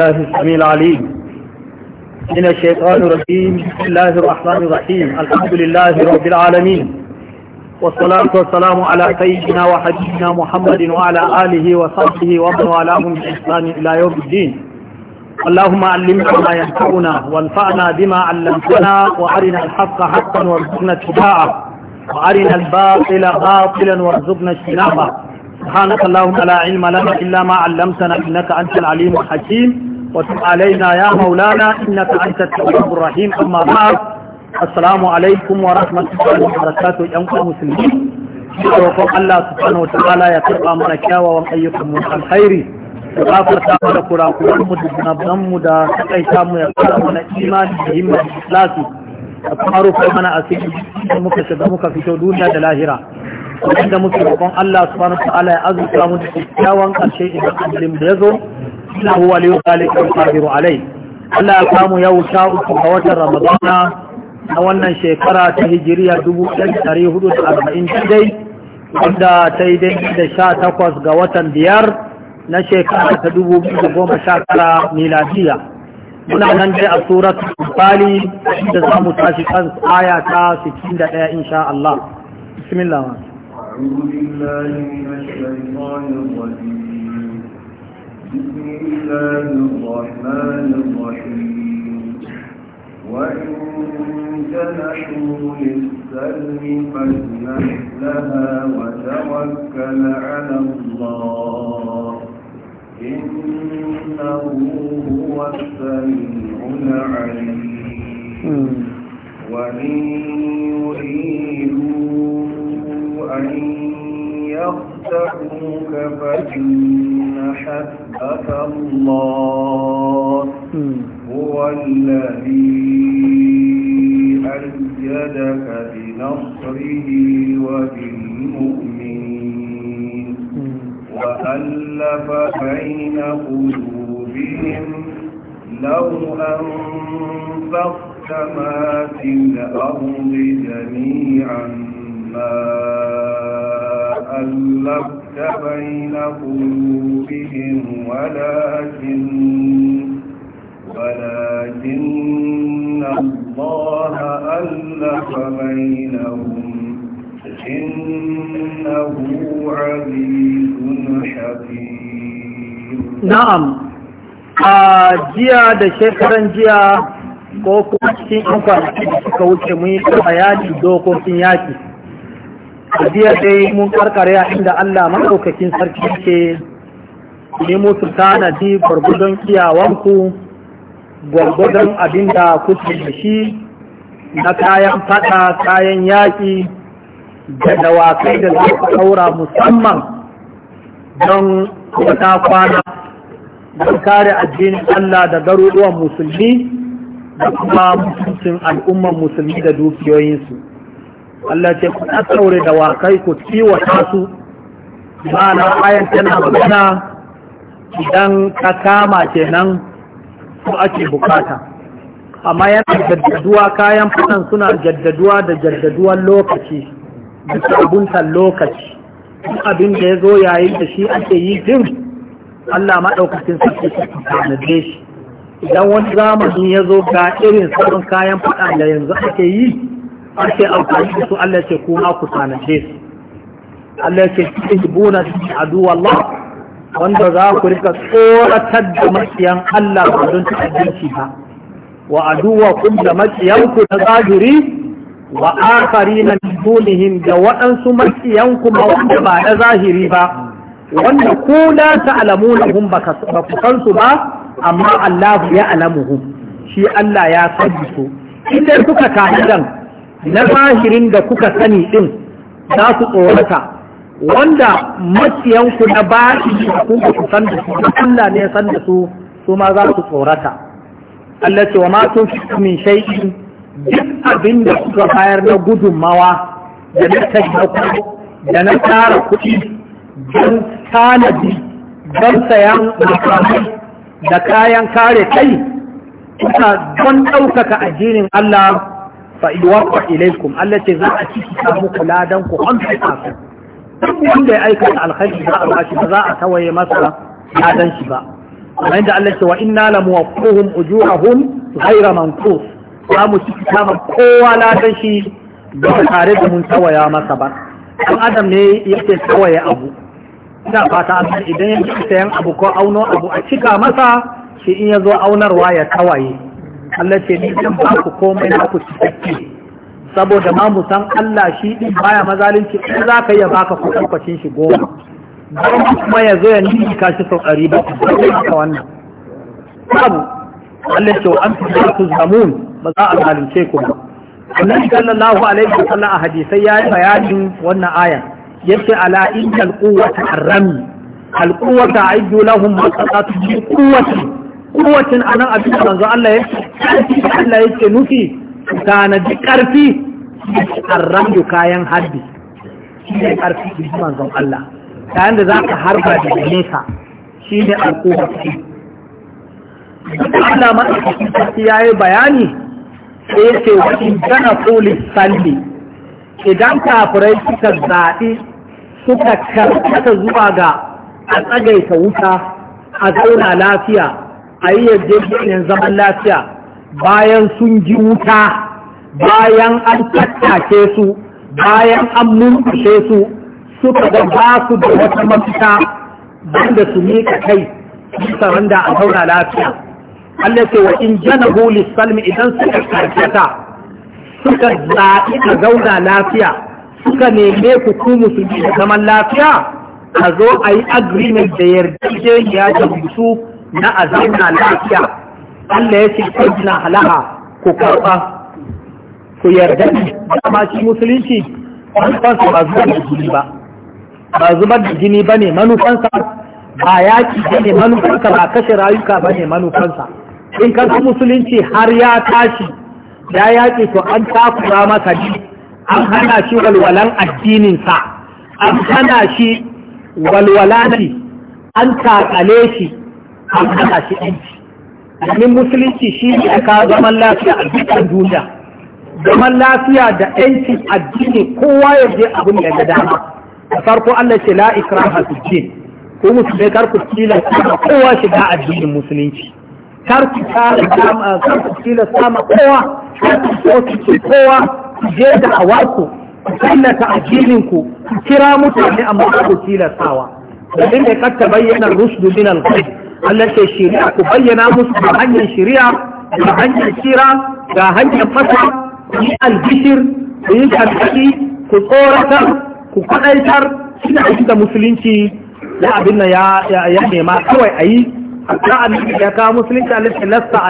الله السميع العليم من الشيطان الرجيم بسم الله الرحمن الرحيم الحمد لله رب العالمين والصلاة والسلام على سيدنا وحبيبنا محمد وعلى آله وصحبه ومن والاهم بإحسان إلى يوم الدين اللهم علمنا ما ينفعنا وانفعنا بما علمتنا وأرنا الحق حقا وارزقنا اتباعه وأرنا الباطل باطلا وارزقنا اجتنابه سبحانك اللهم لا علم لنا إلا ما علمتنا إنك أنت العليم الحكيم وتب علينا يا مولانا إنك أنت التواب الرحيم أما بعد السلام عليكم ورحمة الله وبركاته يا مسلمين roƙon Allah subhanahu wataala ya karɓa mana kyawawan ayyukan mu alkhairi ya gafarta mana kurakuran mu da zunuban da takaita ya fara mana imani da himma da ikhlasi da kuma rufe mana asiri da muka shiga muka fito duniya da lahira wanda muke roƙon Allah ya azurta mu kyawawan ƙarshe idan da ya zo inna huwa li zalika qadiru alai Allah ya kamu yau sha uku ga watan Ramadana na wannan shekara ta hijiriya 1440 dai wanda ta yi dai da sha takwas ga watan biyar na shekara ta dubu biyu goma sha tara miladiya muna nan dai a surat Bali da za mu tashi kan aya ta 61 insha Allah bismillah أعوذ بالله من الشيطان الرجيم بسم الله الرحمن الرحيم وإن جنحوا للسلم فاجنح لها وتوكل على الله إنه هو السميع العليم وإن يريدوا أن يفتحوك فإن حسبك الله هو الذي أيدك بنصره وبالمؤمنين وألف بين قلوبهم لو أنفقت ما في الأرض جميعا ما أَلَّفْتَ بَيْنَ قُلُوبِهِمْ ولكن وَلَكِنَّ اللَّهَ أَلَّفَ بَيْنَهُمْ إِنَّهُ عزيز حَكِيمٌ نعم jiya da shekaran jiya ko kuma cikin yan da suka wuce mun yi bayani dokokin yaki jiya dai mun karkare a inda Allah maɗaukakin sarki ke nemo su tanadi gwargwadon iyawanku gwargwadon abin da kuke da shi na kayan faɗa, kayan yaƙi da dawakai da za ku ɗaura musamman don wata kwana don kare addinin Allah da garuruwan musulmi da kuma mutuncin al'umman musulmi da dukiyoyinsu. Allah ce ku ɗaɗɗaure da wakai ku kiwata su ma'ana ayan tana magana idan ka kama kenan su ake bukata amma yana jaddaduwa kayan fadan suna jaddaduwa da jaddaduwan lokaci da sabuntan lokaci abin da ya zo yayin da shi ake yi din Allah maɗaukacin sarki su tanade shi idan wani zamani ya zo ga irin sabon kayan faɗa da yanzu ake yi ake amfani da su Allah ce kuma ku tanaje su Allah ce tuhibuna adu Allah wanda za ku rika tsoratar da maciyan Allah ba don ta'addanci ba wa aduwa kum da maciyanku na zahiri wa akari na dunihim da waɗansu maciyanku ma wanda ba na zahiri ba wanda ku la ta'lamunahum ba ku san su ba amma Allah ya alamuhu shi Allah ya sani su inda suka kaɗan na zahirin da kuka sani ɗin za su tsorata wanda maciyanku na bashi a kuka ku san da su Allah ne san da su su ma za su tsorata Allah ce wa ma min duk abin da kuka bayar na gudunmawa da na tashi da na tsara kuɗi don tanadi don sayan makamai da kayan kare kai kuka don ɗaukaka addinin Allah faiduwa yuwaqqa ilaykum Allah ce za a ciki samu ku an fi ɗin wanda ya aikata alkhairi za a bashi ba za a tawaye masa ladan shi ba kamar da Allah ce wa inna la muwaffuhum ujurahum ghayra manqus za mu ciki kowa ladan shi ba tare da mun tawaya masa ba Ɗan adam ne yake tawaye abu ina fata amma idan ya sayan abu ko auno abu a cika masa shi in ya zo aunarwa ya tawaye Allah ce ni zan ba ku komai na ku cikakke saboda ma mu san Allah shi din baya mazalunci in za ka iya baka ku tabbacin shi goma don kuma ya zo ya nini ka shi sau ɗari ba ka wannan babu Allah ce wa an fi da ku zamun ba za a zalunce ku ba annabi sallallahu alaihi wa sallam a hadisai ya yi bayanin wannan aya yace ala innal quwwata arrami al quwwata a'iddu lahum ma qatatu quwwati a anan abin da manzo Allah ya ce Allah ya ce nufi ƙarfi karfi arrandu kayan haddi shi karfi da manzon Allah ta yadda za ka harba da nesa shi shine alƙuwa Allah ma ya yi bayani sai ya ce wa in kana kulis salli idan kafirai suka zaɗi suka karkata zuwa ga a tsagaita wuta a zauna lafiya a yi yarjejeniyar zaman lafiya bayan sun ji wuta bayan an tattake su bayan an mumkushe su suka ga ba su da wata mafita banda su mika kai su da a zauna lafiya Allah ce wa in janahu salmi idan suka karkata suka zaɓi a zauna lafiya suka neme ku ku ji da zaman lafiya ka zo a yi agreement da yarjejeniya da musu na azina lafiya Allah ya ce ajina halaha ku karba ku yarda ne amma shi musulunci su ba zubar da jini ba ba zubar da jini ba ne manufansa ba yaki ba ne manufansa ba kashe rayuka ba ne manufansa in kasu musulunci har ya tashi ya yaƙi to an takura masa ji an hana shi walwalan addininsa an hana shi walwala ne an takale shi an hana shi aiki domin musulunci shi ne a kawo zaman lafiya a dukkan duniya zaman lafiya da yanci addini kowa ya je abin da ga dama da farko Allah ce la ikraha fi din ko musulmai kar ku tilasta kowa shiga addinin musulunci kar ku tilasta ma kowa kar ku kowa ku je da awarku ku tallata addinin ku kira mutane amma ku tilastawa domin da kar ta bayyana rusdu min al-ghayb Allah ce shari'a ku bayyana musu ga hanyar shiriya ga hanyar shira ga hanyar fasa ku yi albishir ku yi ku tsoratar ku kaɗaitar suna aiki da musulunci da abin nan ya nema kawai a yi hatta annabi ya kawo musulunci Allah ce lasta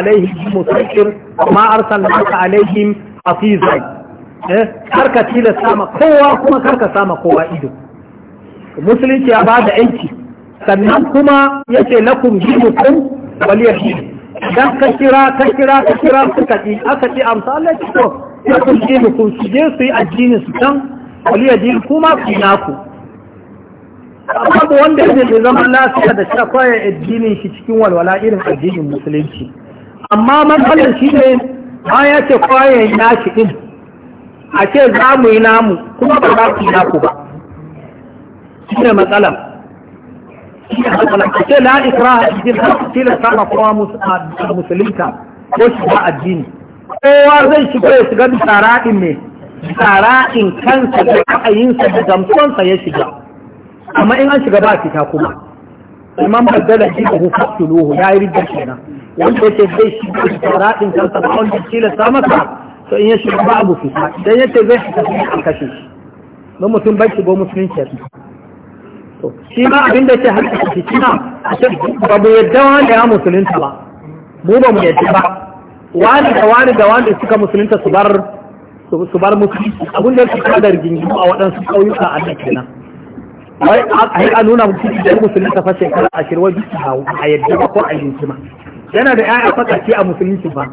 musulunci ma arsalnaka alaihim hafizan eh karka tilasta ma kowa kuma karka sama kowa ido musulunci ya ba da aiki sannan kuma yace lakum dinukum waliyadin dan ka kira ka kira ka kira suka ci aka ci amsa Allah ki to lakum dinukum su je su yi addini su dan waliyadin kuma ku naku babu wanda yake da zaman lafiya da ta ya addinin shi cikin walwala irin addinin musulunci amma matsalar shi ne ba ya ce ya shi din a ce za mu yi namu kuma ba za ku yi naku ba shi ne matsalar ce la ikra a cikin tilasta ma kowa musulunta ko shiga addini kowa zai shiga ya shiga bisa ra'in ne ra'in kansa da ra'ayinsa da gamsonsa ya shiga amma in an shiga ba fita kuma imam baddala shi da hukuku luhu ya yi rigar kenan wanda yake zai shiga bisa ra'in kansa ba wanda tilasta masa to in ya shiga ba abu fita idan yake zai shiga a kashe shi don mutum bai shigo musulunci shi ba abin da ke halitta shi kina ba mu yadda wani ya musulunta ba mu ba mu yadda ba wani da wani da wani suka musulunta su bar su bar musulunci abin da ke kadar gingimu a waɗansu ƙauyuka a nan kenan wai a yi a nuna musulunci da musulunta fa shekara ashirin wai bisa a yadda ba ko a yi ma yana da ƴaƴa fakaci a musulunci ba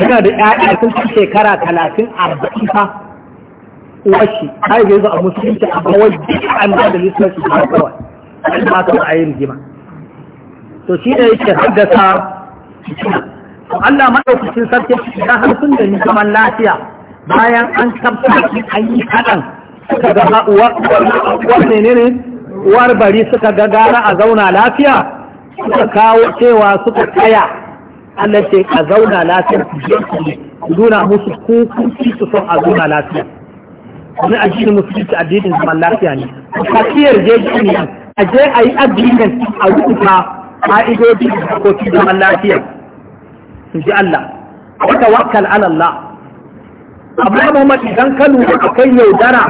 yana da ƴaƴa sun shekara talatin arba'in fa uwashi ta yi gaiza a musulunci a kawai an da da lissafi ba kawai an ba ka a yi rigima to shi da yake haddasa to Allah madaukakin sarki shi har sun da zaman lafiya bayan an shi an yi hadan suka ga uwa uwa menene uwar bari suka ga gara a zauna lafiya suka kawo cewa suka tsaya Allah ce a zauna lafiya su je ku nuna musu ku su son a zauna lafiya wani addinin musulunci addinin zaman lafiya ne Fasiyar jeji ne a je a yi agreement a rubuta fa'idodi da harkokin zaman lafiya su ji Allah wa tawakkal ala Allah idan ka lura akai yaudara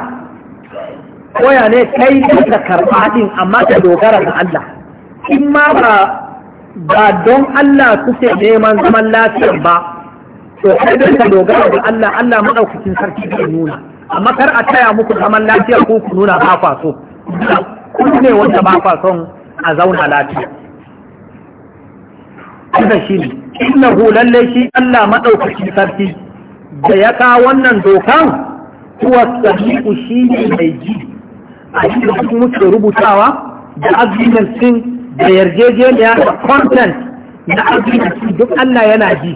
koya ne kai da karɓa din amma ka dogara ga Allah in ma ba ba don Allah kuke neman zaman lafiya ba to kai da ka dogara ga Allah Allah madaukakin sarki zai nuna amma kar a taya muku zaman lafiya ko ku nuna ba kwa so ku ne wanda ba kwa son a zauna lafiya Allah shi ne innahu lalle shi Allah madaukakin sarki da ya ka wannan dokan kuwa sahihu shi ne mai ji a shi da kuma muke rubutawa da agreement da yarjejeniya da content na agreement duk Allah yana ji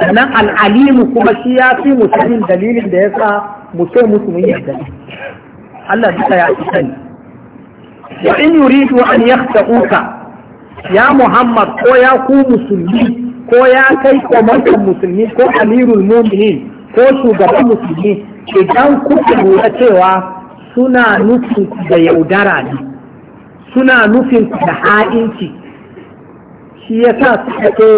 sannan al'alimu kuma shi ya fi musulmin dalilin da ya sa mu ce musu mun yarda Allah duka ya ci sani wa in yuridu an yakhtauka ya Muhammad ko ya ku musulmi ko ya kai komandan musulmi ko amirul mu'minin ko shugaban musulmi idan kuka lura cewa suna nufin da yaudara ne suna nufin da ha'inci shi yasa suka ce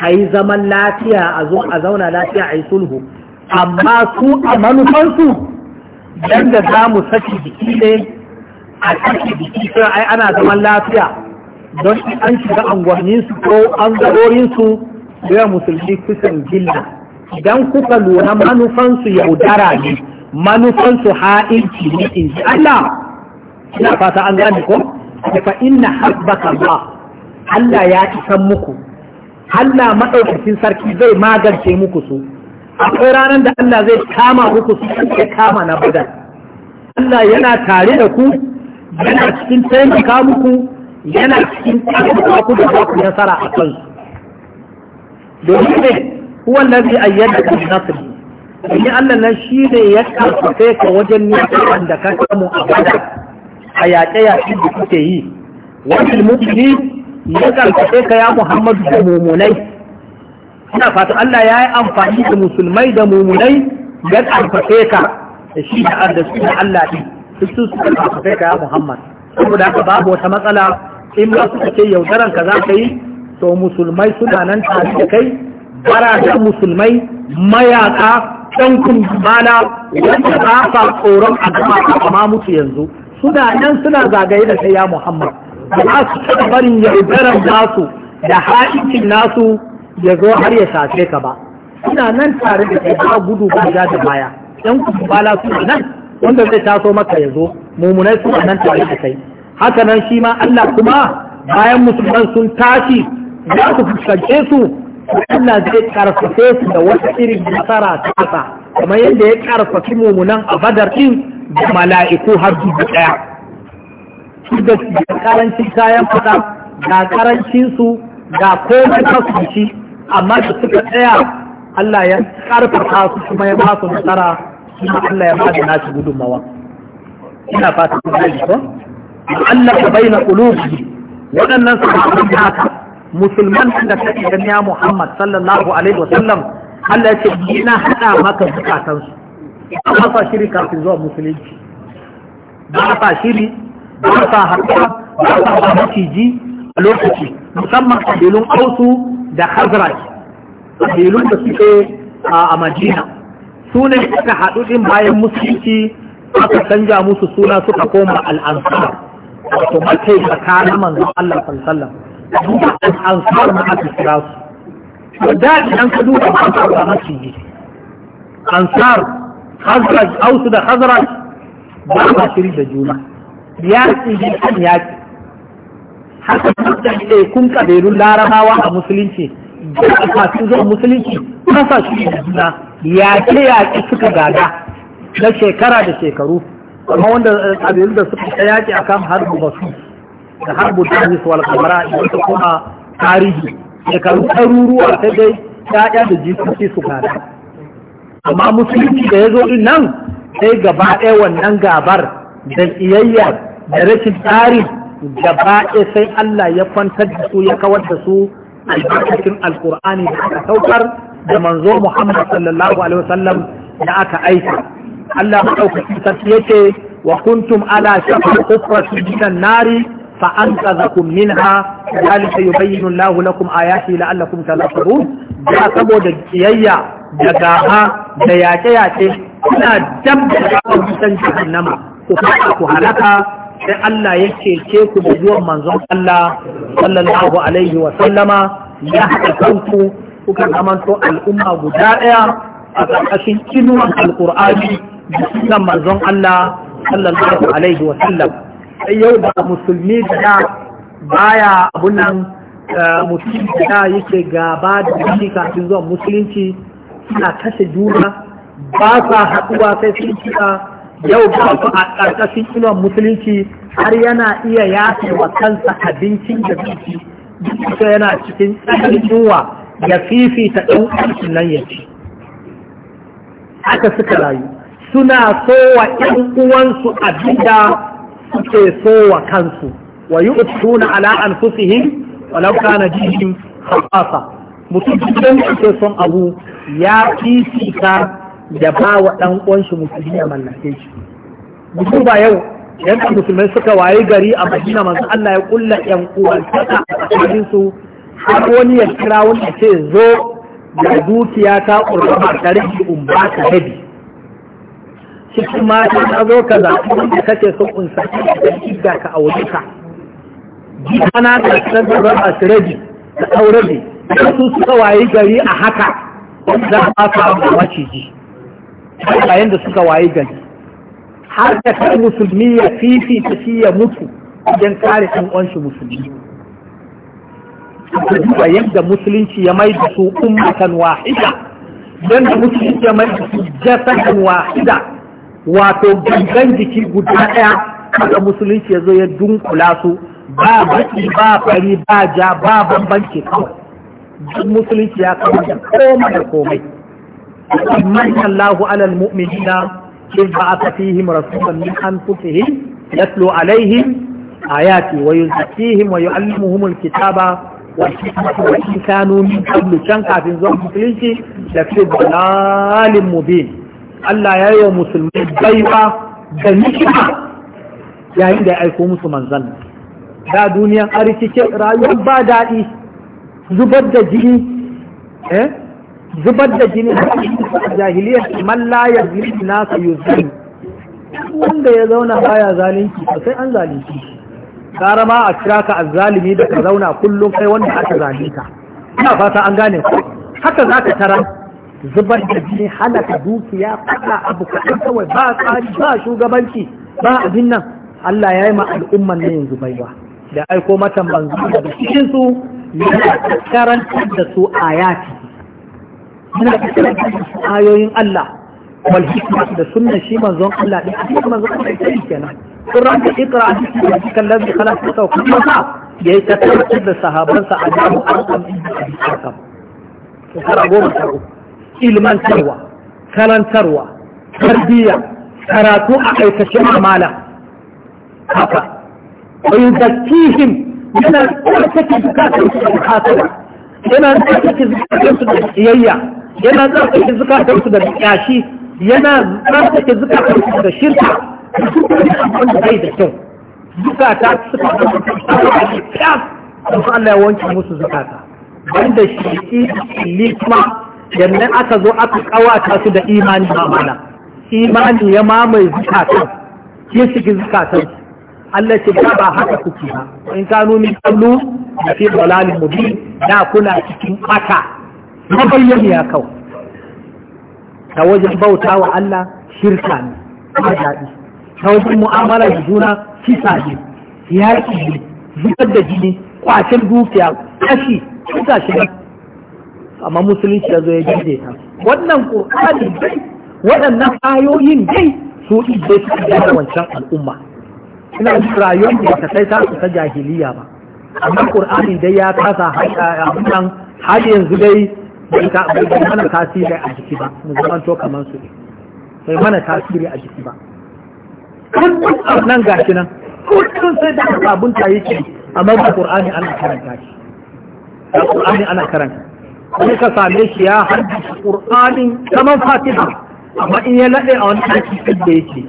a zaman lafiya a zauna lafiya a yi sulhu amma su a manufansu don da za mu saki jiki ne a saki jiki sai ai ana zaman lafiya don an shiga angwanninsu ko an su da musulmi kusan gilla idan kuka lura manufansu yaudara ne manufansu ha'inci ne in ji Allah ina fata an gane ko da fa inna habbaka ba Allah ya isan muku Allah madaukakin sarki zai magance muku su akwai ranar da Allah zai kama muku su ya kama na badar Allah yana tare da ku yana cikin taimaka muku yana cikin taimaka ku da ku nasara a kansu domin ne kuwan da zai ayyana da nasir domin Allah nan shi ne ya karfafe ka wajen nisan da ka samu a badar a yaƙe-yaƙe da kuke yi wajen ne ya karfafe ka ya Muhammadu da mummunai ina fatan Allah ya yi amfani da musulmai da mumunai don alfafe ka da shi da arzasu da Allah ɗin su su suka alfafe ka ya Muhammad saboda haka babu wata matsala in ba suka ce yaudaran ka za ka yi to musulmai suna nan tare da kai bara da musulmai mayaka ɗan kumbala wanda ba sa tsoron a gaba a ma mutu yanzu suna nan suna zagaye da sai ya Muhammad ba su taɓa barin yaudaran nasu da ha'ikin nasu ya zo har ya shafe ka ba ina nan tare da kai ba gudu ba ja da baya yan kubala su nan wanda zai taso maka ya zo Mummunai su nan tare da kai haka nan shi ma Allah kuma bayan musulman sun tashi za su fuskance su Allah zai karfafe su da wata irin nasara ta kasa kamar yadda ya karfafi mumunan a badar din da mala'iku har dubu daya su da karancin kayan fada da karancin su da komai kasu amma da suka tsaya Allah ya karfafa su kuma ya ba su nasara kuma Allah ya ba da nasu gudunmawa ina fata ku gani ko Allah ka baina qulubi waɗannan su ba haka musulman da kake gani ya Muhammad sallallahu alaihi wa sallam Allah ya ce ina hada maka zukatan su ba sa shiri kafin zuwa musulunci ba sa shiri ba sa haɗuwa ba maciji a lokaci musamman kabilun ausu da hazraj kabilun da suke a madina su ne suka haɗu ɗin bayan musulunci aka canja musu suna suka koma al'ansar wato matai tsakanin manzon Allah sallallahu duba al'ansar na aka kira su to da an ka duba ba ka ga maciji ansar hazraj ausu da hazraj ba ma shiri da juna ya tsiji kan yaki haka mutane ɗaya kun larabawa a musulunci da kasu zuwa musulunci shi da juna yaƙe yaƙe suka gada na shekara da shekaru amma wanda eh, da suka ta yaki a kan harbu basu da harbu dajis wal kamara da kuma tarihi shekaru ɗaruruwa ta dai ya'ya da jikoki su gada amma musulunci da ya zo din nan sai gaba ɗaya wannan gabar da iyayya, da rashin tsarin gaba sai Allah ya kwantar da su ya kawar da su albarkacin alkur'ani da aka saukar da manzo Muhammad sallallahu alaihi wasallam da aka aika Allah ya maɗaukaki sarki yake wa kuntum ala shafa kufratin minan nari fa anqadhakum minha zalika yubayyinu Allahu lakum ayati la'allakum tadhakkarun da saboda kiyayya da gaba da yaƙe yaƙe kuna dab da kusan jahannama ku fara ku halaka sai Allah ya cece ku da zuwan manzon Allah sallallahu alaihi wa sallama ya haɗa kanku kuka zamanto al'umma guda ɗaya a ƙarƙashin kinuwan alƙur'ani da sunan manzon Allah sallallahu alaihi wa sallam sai yau da musulmi da baya abun nan eh, musulmi da yake gaba da shi kafin zuwan musulunci suna kashe juna ba sa haɗuwa sai sun kiɗa yau ba su a ƙarƙashin ilon musulunci har yana iya yafe wa kansa abincin da zuci duk da yana cikin tsananin yunwa ya fifita ɗan ƙarfin nan ya ci haka suka rayu suna so wa ɗan uwansu abinda suke so wa kansu wa yi utuna ala wa lauka na jikin khasasa mutum duk son abu ya fifita da ba wa ɗan ƙwansu musulmi ya mallake shi mutum ba yau yanda musulmai suka waye gari a madina manzo Allah ya kulla ƴan uwan saka a cikin su har wani ya kira wani ce zo da dukiya ta ƙurɓa ta in ba ka rabi cikin ma ta zo ka zaɓi wanda kake son unsa da idda ka aure ka gidana da san da raba su rabi da aure ne su suka waye gari a haka za a ba da maciji bayan da suka waye gari har da kai musulmi ya fifi ta shi ya mutu idan kare ɗan uwanshi musulmi duba yadda musulunci ya mai da su ummatan wahida yadda musulunci ya mai da su jasadan wahida wato gangan jiki guda ɗaya kada musulunci ya zo ya dunkula su ba baki ba fari ba ja ba bambanci kawai duk musulunci ya kama da komai da komai من الله على المؤمنين إذ بعث فيهم رسولا من أنفسهم يتلو عليهم آياتي ويزكيهم ويعلمهم الكتاب والحكمة وإن كانوا من قبل شنكا في نظام مسلمتي لفي ضلال مبين Allah ya yi wa musulmai baiwa da nikima yayin da ya aiko musu manzan da duniyan arziki rayuwar ba daɗi zubar da jini eh zubar da jini a jahiliyar man la yazlim nasu yuzlim wanda ya zauna baya zalunci sai an zalunci gara ma a kira ka azzalimi da ka zauna kullum kai wanda aka zalunta ina fata an gane ku haka za tara zubar da jini halaka dukiya fada abu kaɗan kawai ba tsari ba shugabanci ba abin nan Allah ya yi ma al'umman ne yanzu baiwa da aiko mata manzo da cikin su yana karantar da su ayati da karanta ayoyin Allah wal hikma da sunna shi manzon Allah din a cikin manzon Allah din kenan Qur'an da ikra a cikin kan lazi khalaqa sau kuma sa yayi ta tabbatar da sa a cikin Qur'an din Hakam to kara goma ta uku ilman tarwa karantarwa tarbiyya karatu a aikace amala haka wa yuzakkihim yana tsarkake zakatul hasada yana tsarkake zakatul kiyayya yana tsarkake zukatansu da kyashi yana tsarkake zukatansu da shirka wanda bai da kyau zukata suka zama kyas da su Allah ya wanke musu zukata wanda shi ili likma, yannan aka zo aka kawata su da imani mamala imani ya mamaye zukatan ya shigi zukatan Allah ce ba ba haka kuke ba in kanu min kallu da fi dalalin mubin da kuna cikin aka mabayyani ya kawo ta wajen bauta wa Allah shirka ne ba daɗi ta wajen mu'amala da juna kisa ne yaƙi ne zubar da jini kwacin dukiya kashi kisa shi amma musulunci ya zo ya gide ta wannan ƙoƙari dai waɗannan ayoyin dai su ɗiɗe su da wancan al'umma ina ji rayuwar da ta kai tasu su ta jahiliya ba amma ƙur'ani dai ya kasa har yanzu dai bai mana tasiri a jiki ba mu zaman to kamar su bai mana tasiri a jiki ba kullum nan gashi nan kullum sai da abun ta yake amma da ƙur'ani ana karanta shi da ƙur'ani ana karanta wani ka same shi ya harbi qur'anin kamar fatiha amma in ya lade a wani ɗaki da yake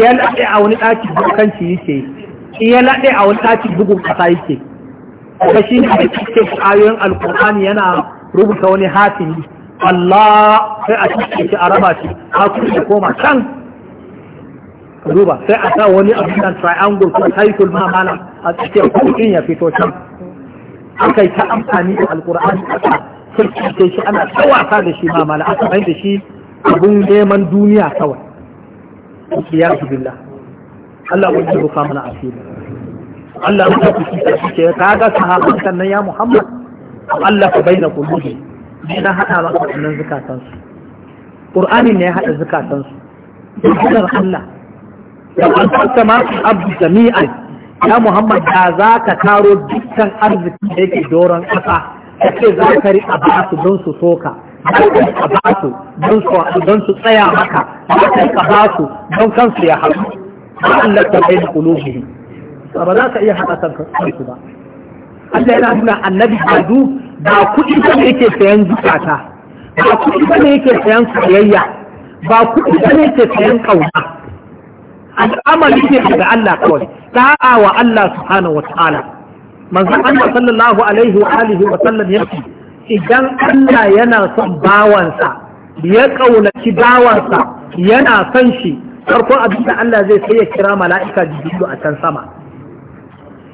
ya lade a wani ɗaki bukanci yake in ya lade a wani ɗaki bugun ƙasa yake shi ne da cikin ayoyin alkur'ani yana rubuta wani hatimi Allah sai a cikin shi a raba shi a kuma koma can duba sai a sa wani abin nan triangle ko title ma malam a cikin kudin ya fito can akai ta amfani da a ka aka ke shi ana tsawata da shi ma malam aka bai da shi abun neman duniya kawai ya billah Allah ya rubuta mana asiri Allah ya rubuta shi kaga sahabban nan ya Muhammad allafa baina qulubi ne na hada maka wannan zakatan su qur'ani ne ya haɗa zukatansu. su Allah da alfata ma fi abdu jami'an ya Muhammad da za ka karo dukkan arziki da yake doron ƙasa ka ce za ka riƙa ba su don su soka ka ba su don su tsaya maka ka ba su don kansu ya haɗu ba Allah ta bai da kulubi ba za ka iya haɗa kansu ba Allah yana nuna annabi Adu ba kuɗi ba ne yake sayan zukata ba kuɗi ba ne yake sayan soyayya ba kuɗi ba ne yake sayan ƙauna al'amari ne daga Allah kawai ta'a wa Allah subhanahu wataala manzon Allah sallallahu alaihi wa alihi wa sallam ya ce, idan Allah yana son bawansa ya ƙaunaci bawansa yana son shi farko abin da Allah zai sai ya kira mala'ika jibilu a can sama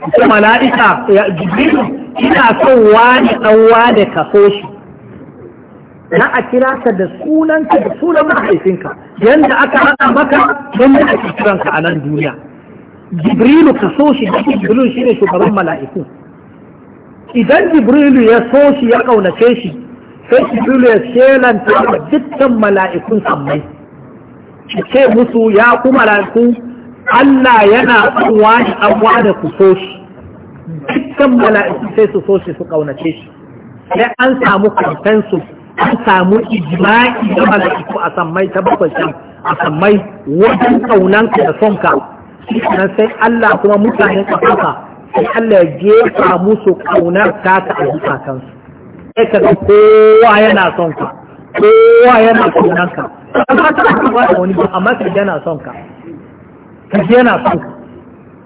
ko mala'ika ya jibrilu ina son wani dan wani kaso shi na a kira ka da sunanka da sunan mahaifinka yanda aka hada maka don da ake ka a nan duniya jibrilu kaso shi da jibrilu shi ne shugaban mala'iku idan jibrilu ya so shi ya kaunace shi sai jibrilu ya shelanta dukkan mala'ikun sammai ce musu ya ku mala'iku Allah yana tsawa da abuwa da su so shi dukkan mala’iki sai su so shi su kaunace shi sai an samu consensus an samu ijma'i da mala'iku a sammai ta bakwai can a sammai wajen kaunanka da sonka nan sai Allah kuma mutanen kafanka sai Allah ya jefa musu ƙaunar ta a zukatansu sai ka ga kowa yana sonka kowa yana kaunanka amma ka yana sonka kashi yana son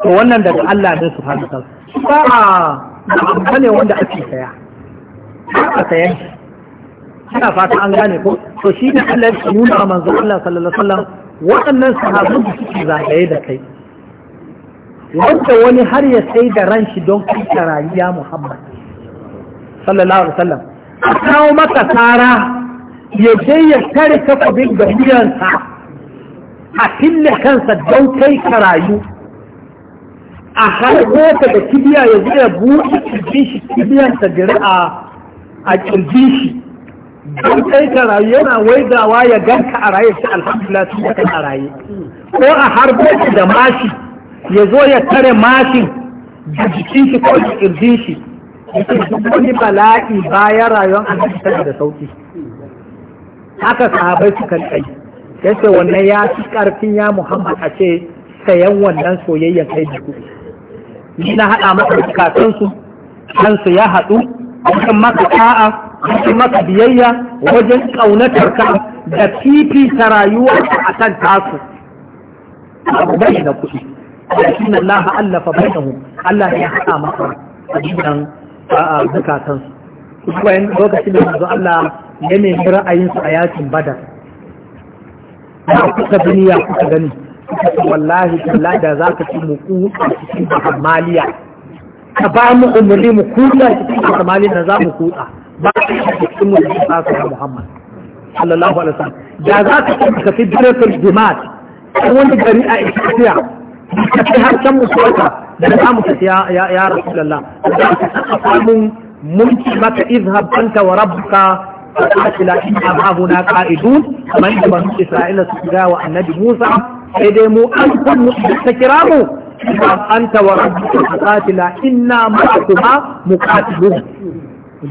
to wannan daga Allah ne su hannu kan ba a ba ne wanda ake saya ba a sayan shi ina fata an gane ko to shi ne Allah ya nuna a manzo Allah sallallahu alaihi wasallam waɗannan sahabbai da suke zagaye da kai wanda wani har ya sai da ran shi don kai rayuwa Muhammad sallallahu alaihi wasallam a kawo maka tsara ya je ya tare takobin gabiyansa a fille kansa don kai karayu rayu a harko da kibiya ya zai ya buɗe kirji shi kibiyan ta gari a kirji shi don kai karayu rayu yana waidawa ya ganka a raye shi alhamdulillah ya da kai a raye ko a harko da mashi ya zo ya tare mashin da jikin shi ko da kirjin shi wani bala'i baya rayuwar an da sauki haka sahabai suka kai ya wannan ya fi ƙarfin ya muhammad a ce sayan wannan soyayyar kai da kuɗi ni na haɗa maka bukatunsu kansu ya haɗu wajen maka ta'a wajen maka biyayya wajen ƙaunatar ka da fifita rayuwa a kan tasu abu bai na kuɗi lakin bai allafa mu Allah ya haɗa maka a jinan bukatansu. Kuma lokacin da manzo Allah ya nemi ra'ayinsu a yakin Badar. ba kuka duniya kuka gani kuka ce wallahi kalla da za ka ci mu kuka cikin hamaliya ka ba mu umarni mu kuka cikin hamaliya da za mu kuka ba ka cikin mu da za ka Muhammad sallallahu alaihi wasallam da za ka ci ka fi darajar jimaat wani gari a Ethiopia ka fi har can mu kuka da za mu tafi ya Rasulullah da ka samun mun ci maka izhab anta wa rabbuka فقاتلا إنا معهنا قائدون كما إن بنو إسرائيل سجاوى النبي موسى إدموا أنتم تكراموا أنت وربك فقاتلا إنا معكما مقاتلون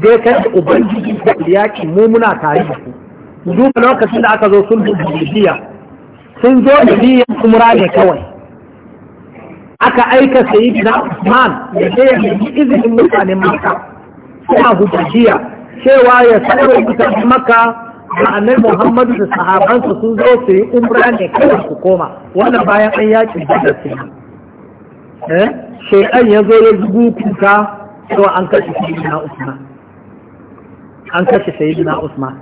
zai kai ubangiji da yaki mu muna tare da ku duba lokacin da aka zo sun dubiya sun zo da biyan kumra ne kawai aka aika sayi da zai yi izinin mutanen Makka suna hudajiya cewa ya sanar da maka ma'anar Muhammadu da sahabansa sun zo su yi umra ne kawai su koma wannan bayan an yaƙi da su eh shaytan ya zo ya zubu kuka cewa an kashe sayyidina Usman an kashe sayyidina Usman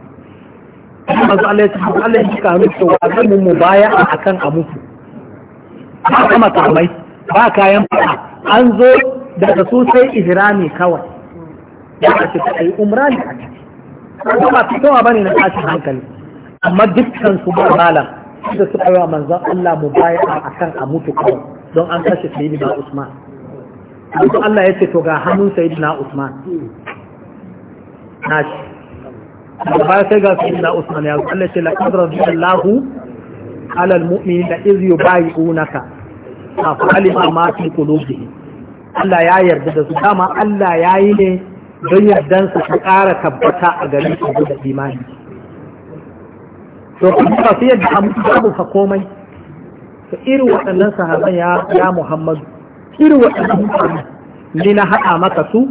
Mazu Allah ya ce, Allah ya karu cewa zan mu baya a kan a mutu. Ba kama kamai, ba kayan fada, an zo daga su sai ihrami kawai. ya ake ta yi umra ne a ciki ko ba fitowa bane na tashin hankali amma dukkan su ba malam da suka yi wa manzon Allah mu baya a kan a mutu kawai don an kashe sayyidina Usman Yanzu Allah ya ce to ga hannun na Usman nashi da baya sai ga sayyidina Usman ya Allah ce la laqad radiyallahu ala da iz yubayi'unaka fa alima ma fi qulubihim Allah ya yarda da su dama Allah ya yi ne don su ta ƙara tabbata a garin su da imani to kuma ba su yadda an babu fa komai to irin waɗannan sahaban ya ya Muhammadu irin waɗannan mutane ni na haɗa maka su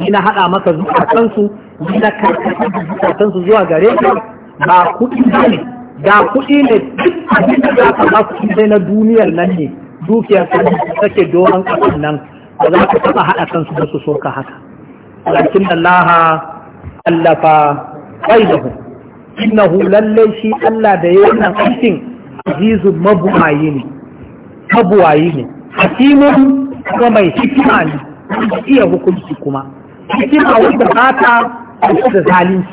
ni na haɗa maka zukatan su ni na karkata zukatan su zuwa gare ka ba kuɗi ne da kuɗi ne duk abin da za ka ba su sai na duniyar nan ne dukiyar ta take doron ƙasar nan ba za ka taɓa haɗa kansu ba su so ka haka ولكن الله ألف bainahu إنه shi Allah da yayi wannan aikin azizu حكيم ne mabuwayi ne hakimun kuma mai أود ne أود hukunci kuma hikima wanda ba ta da zalunci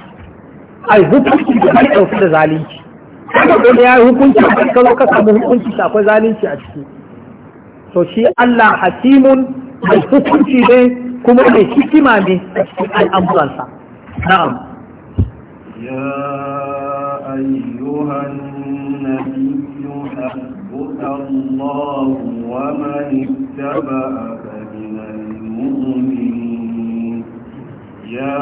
ai hukunci a bai dauki da zalunci ko ya hukunci ka kawo ka hukunci akwai zalunci a ciki to shi Allah hakimun mai hukunci ne kuma mai hikima ne a cikin al'amuransa na'am ya ayyuhan nabiyyu hasbuka Allah wa man ittaba'aka min al-mu'minin ya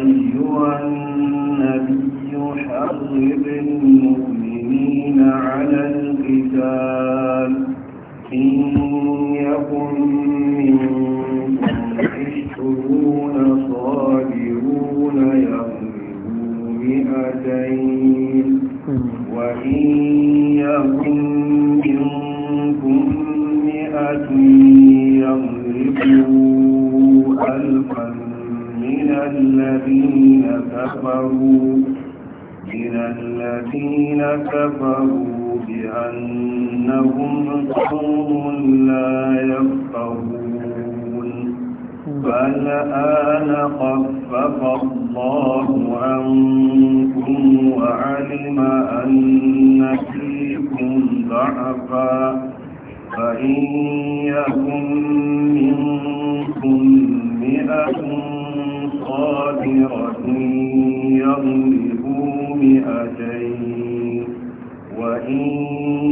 ayyuhan nabiyyu harrib al-mu'minina 'ala al-qital in yakun يغلبوا مئتين وإن يكن منكم مئة يغلبوا ألفا من الذين كفروا من الذين كفروا بأنهم قوم لا يفقهون فالآن خفف الله عنكم وعلم أن فيكم ضعفا فإن يكن منكم مئة صابرة يغلبوا مئتين وإن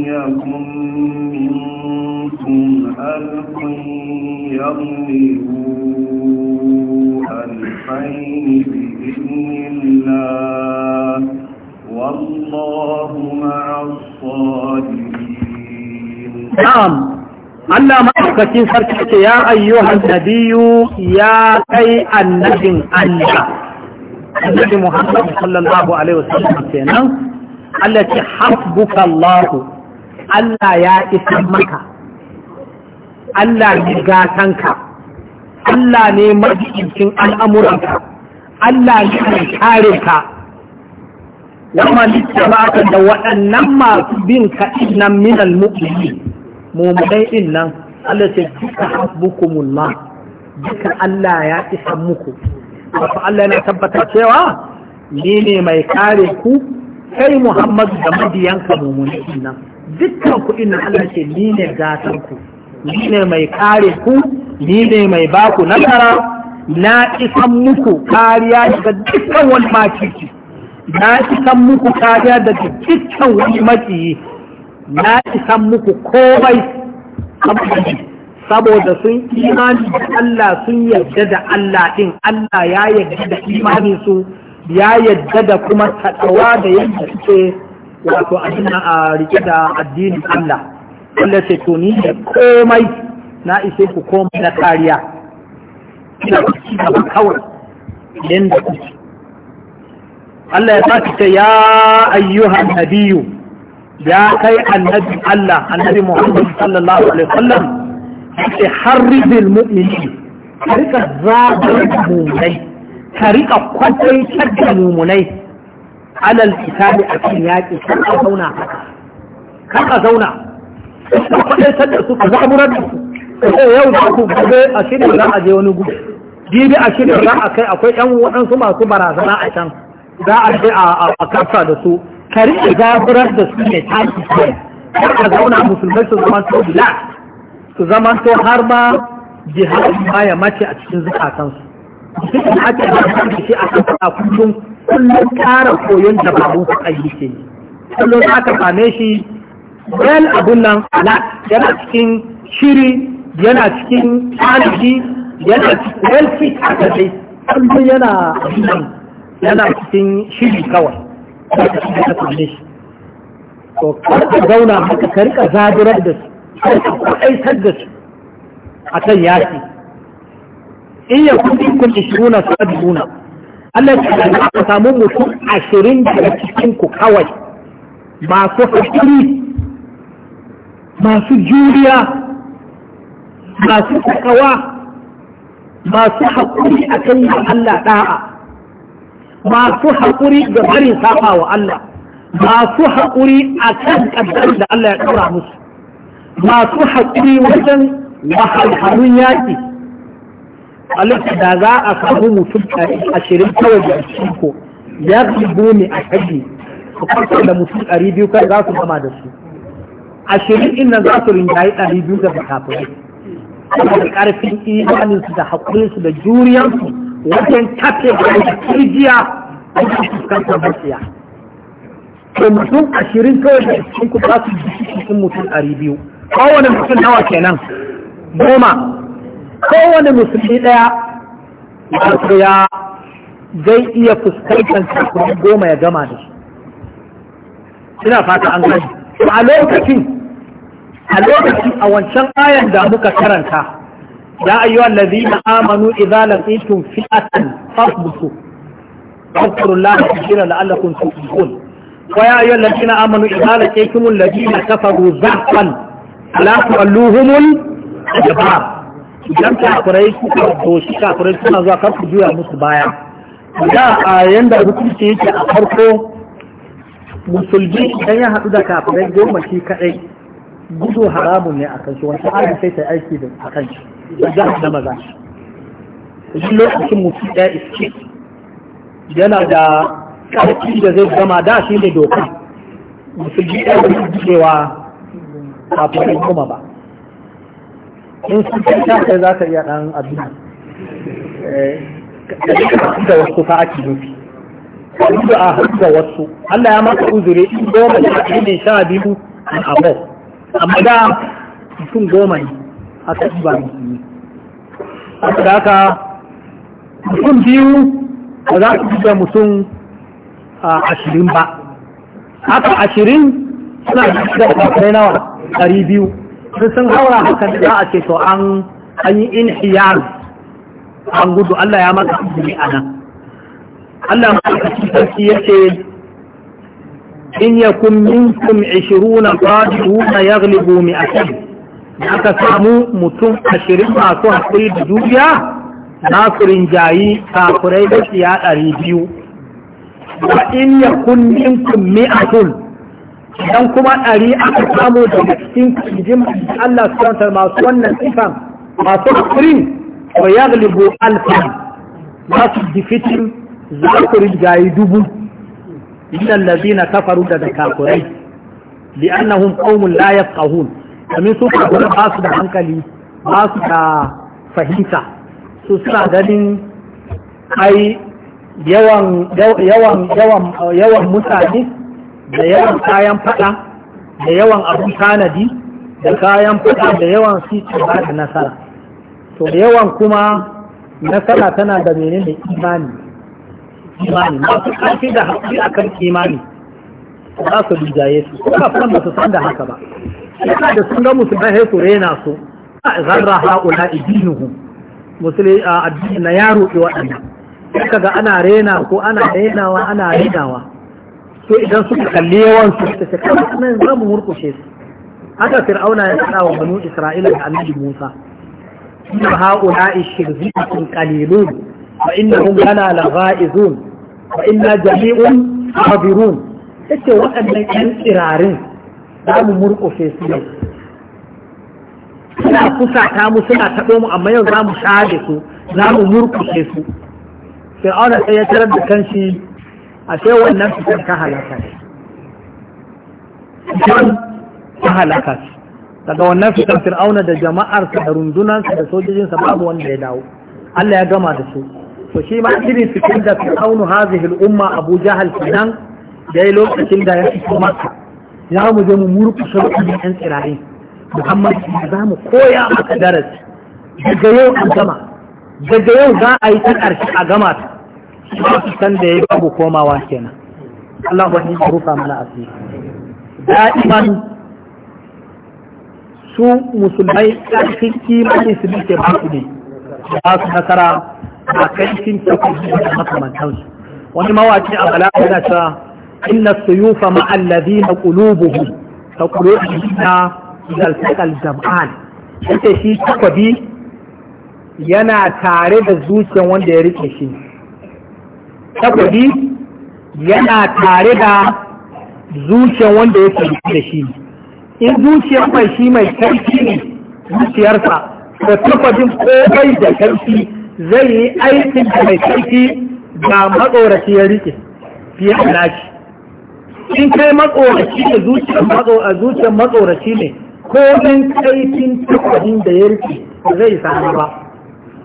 يكن منكم ألقين يغلبوا ألفين بإذن الله والله مع الصادقين نعم ألا ما أفكتين سركتك يا أيها النبي يا أي النجم أنت النبي محمد صلى الله عليه وسلم التي حسبك الله ألا يا إسمك Allah ne gasanka, Allah ne majikin al'amuranka Allah ne mai kare ka wama ka da waɗannan masu bin ka nan minal mu'mini mummudai din nan Allah ce duka hasbukumullah duka Allah ya isa muku wato Allah yana tabbatar cewa ni ne mai kare ku kai Muhammadu da mabiyanka mummuni din nan dukkan kuɗin na Allah ce ni ne gasanku. ku ni ne mai kare ku ni ne mai baku nasara na isan muku kariya daga dukkan wani makici na isan muku kariya daga dukkan wani makiyi na isan muku komai saboda sun imani da Allah sun yarda da Allah ɗin. Allah ya yarda da imanin su ya yarda da kuma taɗawa da yadda suke wato a rike da addinin Allah Allah ce to ni da komai na ishe ku komai na kariya ina ku ci gaba kawai idan da ku Allah ya saki ce ya ayyuhan nabiyu ya kai annabi Allah annabi Muhammad sallallahu alaihi wasallam ce harribil mu'minin ka rika zaɓar mumunai harika rika kwatantar da mumunai alal kitabi a kan yaƙi kan a zauna haka kan a zauna ka kwadaitar da su ka zaburar da su yau da ku gobe a shirin za a je wani gudu jibi a shirin za a kai akwai yan waɗansu masu barazana a can za a je a kasa da su ka riƙe zaburar da su ne taki kai ka zauna musulmai su zama to bila su zama to har ma jihadi ma ya mace a cikin zukatansu cikin ake da shi a kan a kullum kullum ƙara koyon dabarun su ayyuke kullum ka same shi ran abun nan ala yana cikin shiri yana cikin talibi yana cikin welfi a kasai kullum yana yana cikin shiri kawai da ka shi to ka zauna haka ka rika zaburar da su ka aikar da su a kan yaki in ya kun kun ishiruna sabiruna Allah ya ka samu mutum ashirin daga cikin ku kawai masu hakuri masu juriya masu takawa masu haƙuri a kan yi Allah ɗa'a masu haƙuri ga barin safa wa Allah masu haƙuri a kan ƙaddar da Allah ya ɗaura musu masu haƙuri wajen wahalhalun yaƙi a da za a samu mutum ashirin kawai da ko ya zubo ne a haji su da mutum ɗari biyu kan za su gama da su ashirin din nan za su rinjaye ɗari biyu da kafirai da ƙarfin imanin su da haƙurin su da juriyarsu wajen kafe da kirjiya a yi fuskantar maciya to mutum ashirin kawai da cikin ku za su cikin mutum ɗari biyu kowane mutum nawa kenan goma kowane musulmi ɗaya wato ya zai iya fuskantar kafirai goma ya gama da shi ina fata an gani a lokacin a lokacin a wancan ayan da muka karanta ya ayyuhal ladina amanu idza laqitum fi'atan fasbutu fadhkurullaha kathiran la'allakum tuflihun wa ya ayyuhal ladina amanu idza laqitum alladina kafaru zahfan la tu'alluhum al-jabab idan kafirai suka doshi kafirai suna zuwa kar ku juya musu baya da a yanda hukunci yake a farko musulmi idan ya haɗu da kafirai goma shi kaɗai gudu haramun ne a kanshi wani ta'adu sai ta aiki da a kanshi da za da maza shi lokacin mutu ya iske yana da karfi da zai gama da shi ne doka musulmi ya yi cewa kafin in kuma ba in sun kai ta kai za ka iya dan abin eh, da wasu fa ake da a hannu da wasu Allah ya maka uzuri in goma sha biyu ne sha biyu a abu amma da mutum goma ne aka ɗiba musulmi a da haka mutum biyu ba za su da mutum ashirin ba haka ashirin suna da kwakwai nawa ɗari biyu sun sun haura da za a ce to an yi in hiyar an gudu Allah ya maka izini a nan Allah ma sarki ya ce in yakun minkum 20 qadihuna yaghlibu mi'atayn aka samu mutum ashirin masu haƙuri da dubiya na su rinjayi kafurai da siya ɗari biyu wa in yakun minkum mi'atun dan kuma ɗari aka samu daga cikin kujin Allah su yanta masu wannan sifan masu hakurin wa ya galibu alfan za su za su rigayi dubu illa allazina kafaru da kafirai bi annahum qaumun la yafqahun kamin su ka gura ba da hankali basu su da fahimta su suna ganin ai yawan mutane da yawan kayan faɗa, da yawan abun tanadi da kayan fada da yawan su da nasara to da yawan kuma nasara tana da menene imani imani su ƙarfi da haƙƙi a kan imani za su bijaye su ko kafin ba su san da haka ba yana da sun ga musulmai ya su rena su a zarra haƙula idinuhu musulmi a addini na yaro roƙi waɗanda. sai ga ana rena ko ana renawa ana renawa to idan suka kalli yawan su ta ce kawai nan za mu murƙushe su haka fir'auna ya faɗa wa banu isra'ila da annabi musa in ha'ula'i shirzikin ƙalilu. fa innahum lana laghaizun fa inna jami'un hadirun yace waɗannan ƴan tsirarin za mu murƙushe su yau suna kusata mu suna taɓo mu amma yau za mu shaɗe su za mu murƙushe su fir'auna sai ya tarar da kanshi a sai wannan fitar ta halaka ne ta halaka ce daga wannan fitar fir'auna da jama'arsa da rundunansa da sojojinsa babu wanda ya dawo Allah ya gama da su to shi ma irin fitin da fir'aunu hazihil umma abu jahal kenan da ya lokacin da ya fi maka za mu je mu murkusa waɗannan yan tsirare muhammad za mu koya maka darasi daga yau an gama daga yau za a yi ta ƙarshe a gama ta su san da ya babu komawa kenan Allah wani ya rufa mana asiri da'iman su musulmai ƙarfin kimanin su bi ke ba su ne ba su nasara a kancin takobi da makamantansu wani mawaki a bala yana cewa inna suyufa ma ta qulubuhum ka qulubina idal taqal jam'an yace shi takobi yana tare da zuciyan wanda ya rike shi takobi yana tare da zuciyan wanda ya rike da shi in zuciyar mai shi mai karfi ne zuciyarsa da takobin ko bai da karfi zai yi aikin da mai kaifi ga matsoraci ya rike fiye da lashi in kai matsoraci da zuciyar matsoraci ne ko in kaifin takwabin da ya rike zai sami ba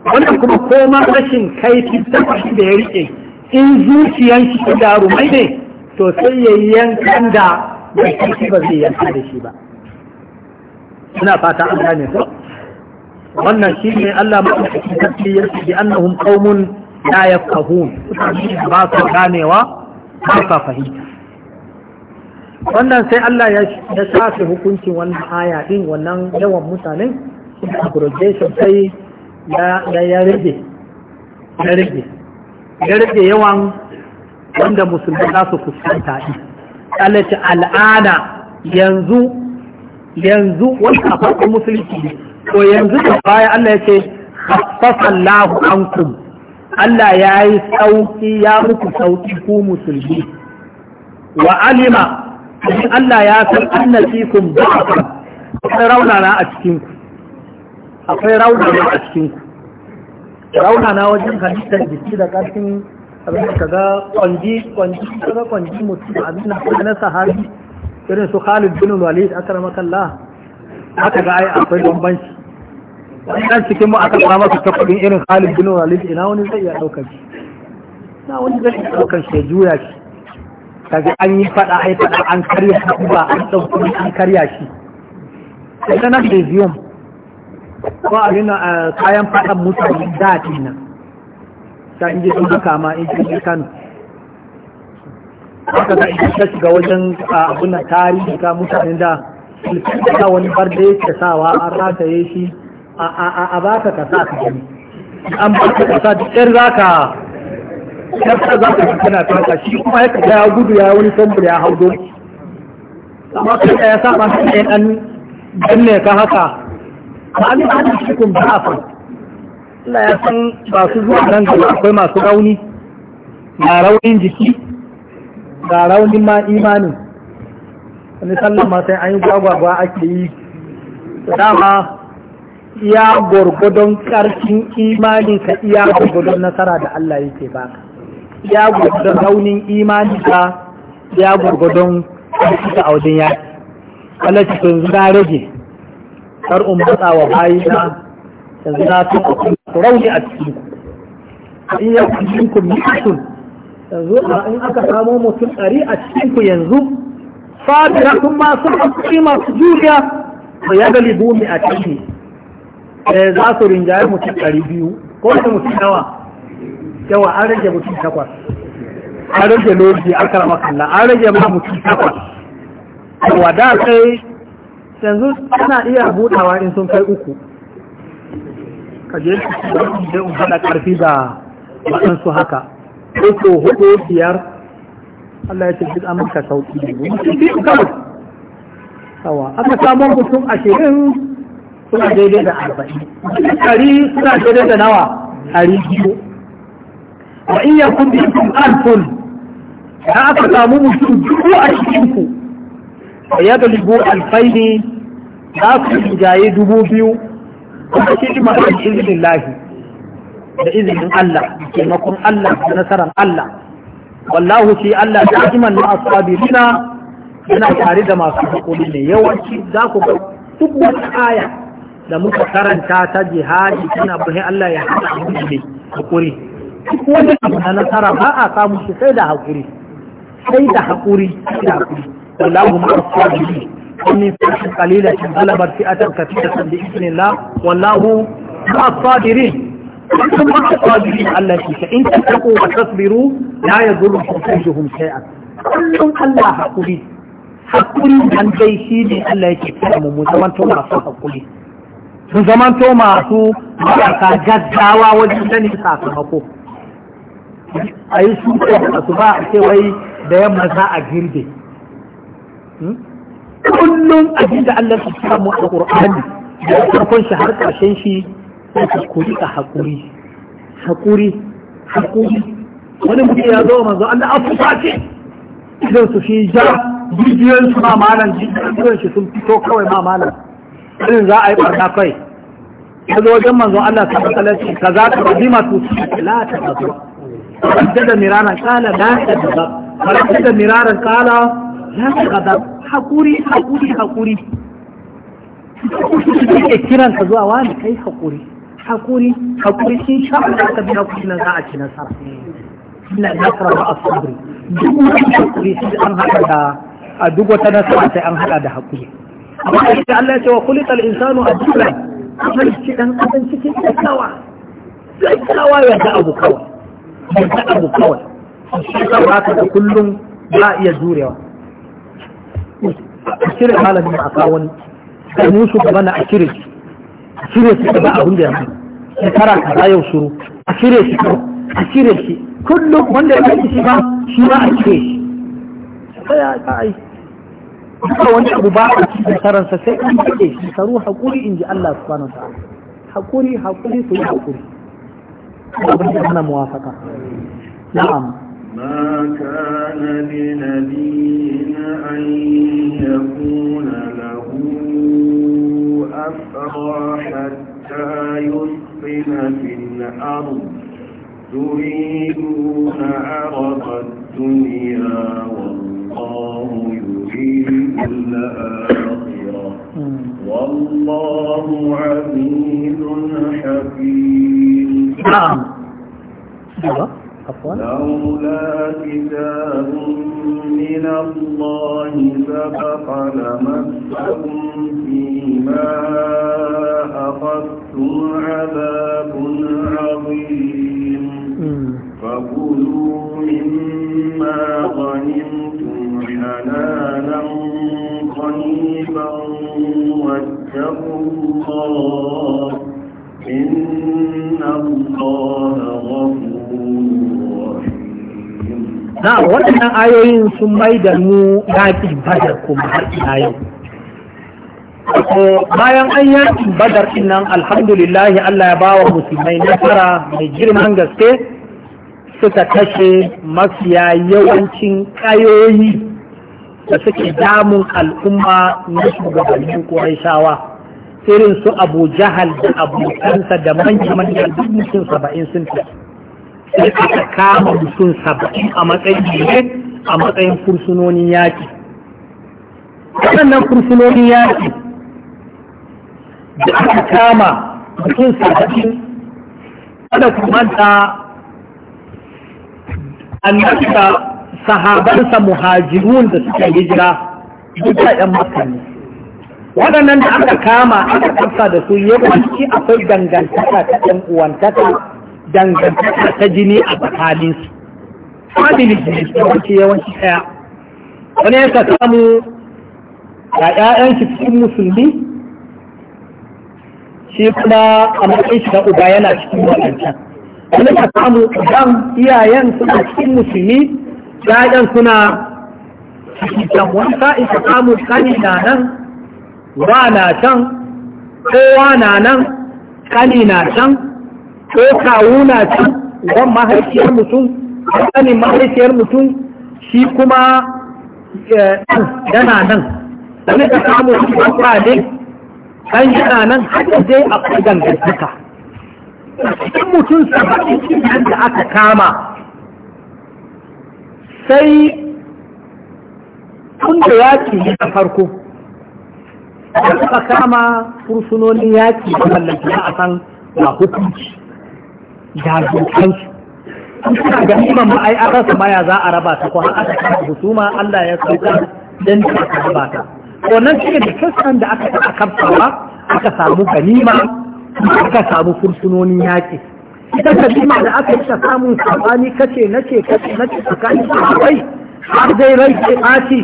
wannan kuma koma rashin kaifin takwabin da ya rike in zuciyar shi da rumai ne to sai ya yi yankan da mai sarki ba zai yanka da shi ba ina fata an gane ko wannan shi ne Allah maɗaukakin tafi ya ce bi annahum ya la yafqahun ba su ganewa ba su fahimta wannan sai Allah ya shafi hukuncin wannan aya din wannan yawan mutanen abrogation sai ya rage ya rage ya rage yawan wanda musulmi za su fuskanta din alata al'ada yanzu yanzu wani a farkon musulunci ne to yanzu da baya Allah ya ce khaffafallahu ankum Allah ya yi sauki ya muku sauki ku musulmi wa alima Allah ya san annafikum ba'atan akwai na a cikin ku akwai raunana a cikin ku raunana wajen halittar jiki da ƙarfin abin da kaga kwanji kwanji ka kwanji mutum abin na na sahabi irin su Khalid bin Walid akramakallah aka ga ai akwai bambanci wani dan cikin mu aka kama su takwadin irin Khalid bin Walid ina wani zai iya daukar shi na wani zai iya daukar shi ya juya shi kaga an yi fada ai fada an karya shi ba an dauko an karya shi sai na da ziyom ko a yana kayan fadan mutane da tina ta inji sun duka ma in sun Kano aka ga ita shiga wajen abunan tarihi ga mutanen da da wani barda yake sawa an rataye shi a ba ka kasa ka gani an ba ka kasa duk ɗan za ka yadda za ka kana tarka shi kuma ya kaga ya gudu ya wani tambur ya hau don amma kai ka ya saba shi ɗan an danne ka haka ba an ba da shi kun ba a fa Allah ya san ba su zuwa nan ga akwai masu rauni ga raunin jiki ga raunin ma imanin wani sallan ma sai an yi gwagwagwa ake yi dama iya gwargwadon ƙarfin imani ka iya gwargwadon nasara da Allah yake ba iya gwargwadon raunin imani ka iya gwargwadon karfi ka a ya yaki sun ce rage kar in matsa wa na. yanzu na tun ku rauni a cikin ku iya ya kun ku mutum yanzu in aka samu mutum ɗari a cikin ku yanzu sabira kun ma sun haƙuri masu juriya ba ya gali bumi a ciki za su rinjaye mutum ɗari biyu ko da mutum nawa yawa an rage mutum takwas an rage lobi an karama kalla an rage ma mutum takwas yawa da kai yanzu ana iya buɗawa in sun kai uku ka je su da in haɗa ƙarfi da waɗansu haka uku hudu biyar Allah ya ce duk an maka sauki ne mutum biyu kawai sawa aka samu mutum a shirin suna daidai da arba'in ɗari suna daidai da nawa ɗari biyu wa in yakun bikum alfun da aka samu mutum dubu a cikin ku ya galibu alfaini za su rijaye dubu biyu kuma shi ma da izinin lahi da izinin Allah taimakon Allah da nasarar Allah wallahu shi Allah da'iman na asabirina yana tare da masu hakuri ne yawanci za ku ga duk wata aya da muka karanta ta jihadi tana bahe Allah ya hada mu ne hakuri duk wani abu na nasara ba a samu shi sai da hakuri sai da hakuri sai da hakuri wallahu ma asabirina ومن فئة قليلة غلبت فئة كثيرة بإذن الله والله مع الصابرين kun ba ka kwa jikin Allah shi ka in kan tako wa tasbiru la ya zuru kullum Allah hakuri hakuri dan dai shi ne Allah yake fara mu mu zaman to masu hakuri mu zaman to masu ka gaggawa wajen sani ka su hako ayi su ko su ba wai da yamma za a girbe hmm? kullum abinda Allah ya fara mu a Qur'ani da farkon shi har karshen shi sai ku rika haƙuri haƙuri haƙuri wani mutum ya zo manzo Allah afuwa ce idan su shi ja bidiyon su ma malam bidiyon shi sun fito kawai ma malam irin za a yi barna kai ya zo wajen manzo Allah ta matsalar ce ka za ka rabi masu su la ta bazo wadda da miraran kala la ta bazo wadda da miraran kala la ta bazo haƙuri haƙuri haƙuri kiran ka zuwa wani kai haƙuri hakuri hakuri in sha Allah ka bi na za a ci nasara ina nasara ba a sabri duk wani hakuri sai an haɗa da a duk wata nasara sai an haɗa da hakuri amma idan Allah ya ce wa kulikal insanu a a ci dan adam cikin tsawa tsawa ya ga abu kawai ya ga abu kawai shi ba ka da kullum ba iya jurewa a cire malamin a kawon da musu gaba na a cire shi a shirya shi ba abin da ya fi shekara za yau shuru a shirya shi a shirya shi kullum wanda ya fi shi ba shi ba a shirya shi sai ya ta'ai duka wani abu ba a cikin karansa sai an kaɗe shi karu haƙuri in ji Allah su wa ta'ala haƙuri haƙuri su yi haƙuri abin da ana muwafaka na'am ما كان لنبي أن يكون له أسرى حتى يسقن في الأرض تريدون عرض الدنيا والله يريد الآخرة والله عزيز حكيم نعم عفوا لولا كتاب من الله سبق لمسكم فيما أخذتم عذاب عظيم فكلوا مما غنمتم حلالا طيبا واتقوا الله إن الله غفور na waɗannan ayoyin sun mai da mu yaƙi badar kuma har ina yau bayan an yaƙi badar ɗin nan alhamdulillahi Allah ya bawa musulmai nasara mai girman gaske suka kashe mafiya yawancin ƙayoyi da suke damun al'umma na shugabannin shawa, irin su abu jahal da abokansa da manya manyan duk mutum saba'in sun fi. aka kama mutum saba'in a matsayin ne a matsayin fursunonin yaƙi waɗannan fursunonin yaƙi da aka kama mutum saba'in kada ku manta an da sahabansa muhajirun da suka hijira duk da ƴan makani waɗannan da aka kama aka kasa da su yawanci akwai dangantaka ta ɗan uwantaka dangantaka ta jini a tsakaninsu jini su yawanci yawanci ɗaya wani yanka samu a 'ya'yan cikin musulmi shi kuma a matsayin shi na uba yana cikin waɗancan wani ka samu ɗan iyayen suna cikin musulmi ƴaƴan suna cikin can wani sa'in ka samu kani na nan wa na can kowa na nan kani na can ko kawuna ce don mahaifiyar mutum ƙanin mahaifiyar mutum shi kuma eh, yana nan wani ka samu shi a kwanin yi yana nan haka zai a ƙwagan gantaka cikin mutum cikin da aka kama sai tun da yaƙi na farko da suka kama fursunonin yaƙi da mallaki a san na hukunci jagoransu an suna ga imam ma ai aka rasa maya za a raba ta ko har aka kama husuma Allah ya sauka dan ta raba ta to nan shi da kasan da aka aka kafawa aka samu ganima aka samu fursunonin yaƙi ita ganima da aka ta samun sabani kace nace kace nace tsakanin sahabbai har dai rai ke aci,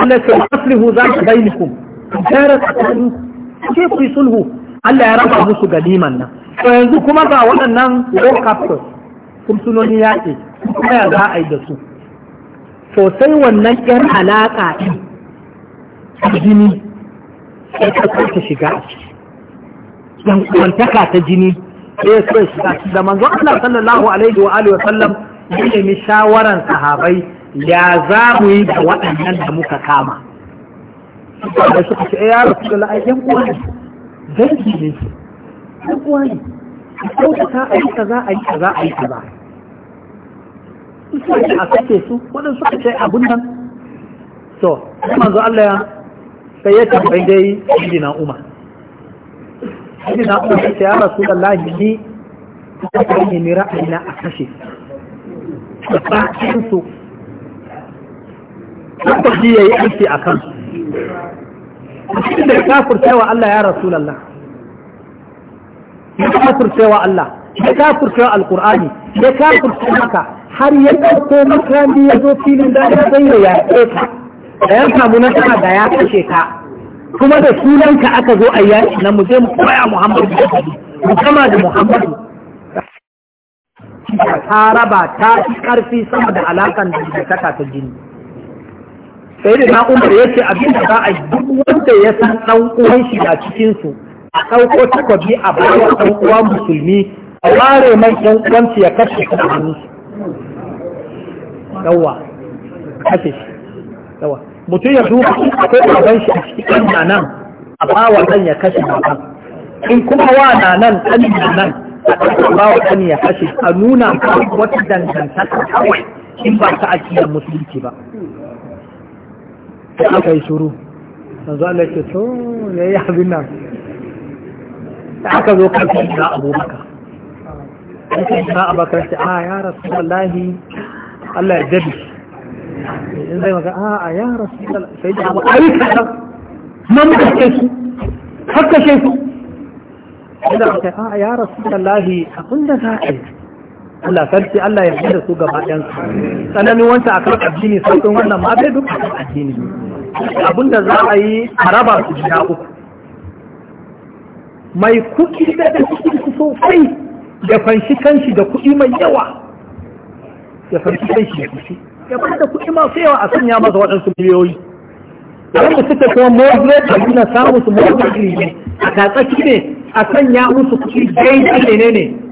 Allah ya aslihu za ku bainakum ku gyara tsakanin ke ku sulhu Allah ya raba musu ganiman nan to yanzu kuma ga waɗannan war captors kursunoni yaƙi kuma za a yi da su to sai wannan yan alaƙa ɗin jini sai ta ta shiga a ciki yan kwantaka ta jini sai ta shiga ciki da manzo Allah sallallahu alaihi wa alihi wa sallam ya nemi shawaran sahabai ya za mu yi da waɗannan da muka kama da suka ce eh, ya rasu da la'ayyan kuwa dangi ne su ɗan uwa ne a kyautata a yi kaza a yi kaza a yi kaza Su ce a sake su waɗansu suka ce abun nan so zo Allah sai ya tambayi dai na Umar na Umar sai ya Rasulullahi ni ta kai ni ra'ayina a kashe ba cikin su ba ji yi aiki a kan. mutum da kafurcewa Allah ya Rasulallah ya wa Allah ya wa Alƙur'ani ya kafurce maka har ya ɗauko makami ya zo filin da ya zai ya yaƙe ka da ya samu nasara da ya kashe ka kuma da sunanka aka zo a yaƙi na mu je mu koya Muhammadu mu gama da Muhammadu ta raba ta ƙarfi sama da alaƙan da ta jini sai da umar ya ce abin da za a yi duk wanda ya san ɗan uwan shi a cikinsu a ɗauko takwabi a bayan ɗan musulmi a ware mai ɗan uwan ya kashe kan hannu yawa kashe shi yawa mutum ya duba akwai baban shi a cikin ɗan nan a bawa ɗan ya kashe baban in kuma wa na nan ɗan na nan a ɗauka ba wa ya kashe a nuna wata dangantaka kawai in ba ta ajiyar musulunci ba sai aka yi shuru yanzu Allah ce to ya yi abin nan da aka zo kan na abubakar sai na abubakar ce a ah, ya rasu wallahi Allah ya jabi in zai maka a ah, ah, ya rasu sai da abu yi nan nan muka ce su har kashe su sai da aka a ya rasu wallahi abin da za a yi Allah Allah ya fi da su gaba ɗan su tsananin wancan a kan addini sauƙin wannan ma bai duk a addini abin da za a yi a raba su gida uku mai kuki da da su sosai ya fanshi kanshi da kuɗi mai yawa ya fanshi kanshi da kuki ya ba da kuɗi masu yawa a sanya masa waɗansu miliyoyi wanda suka kuma mortgage da nuna samun su mortgage ne a tatsaki ne a sanya musu kuɗi daidai ne ne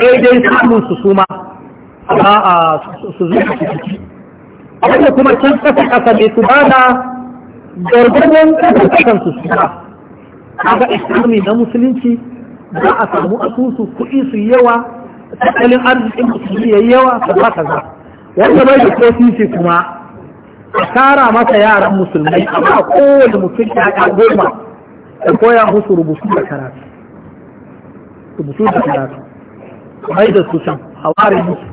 daidai samun su suma a su zuwa ciki wanda kuma can kasa kasa ne su ba da gargadon kasa kasan su suma kaga islami na musulunci za a samu asusu kuɗi su yawa tattalin arzikin musulmi ya yawa su ba ka za wanda bai da kofi kuma a kara masa yaran musulmi a ba kowane mutum ya ga goma da koya musu rubutu da karatu rubutu da karatu kwai da su can ware musu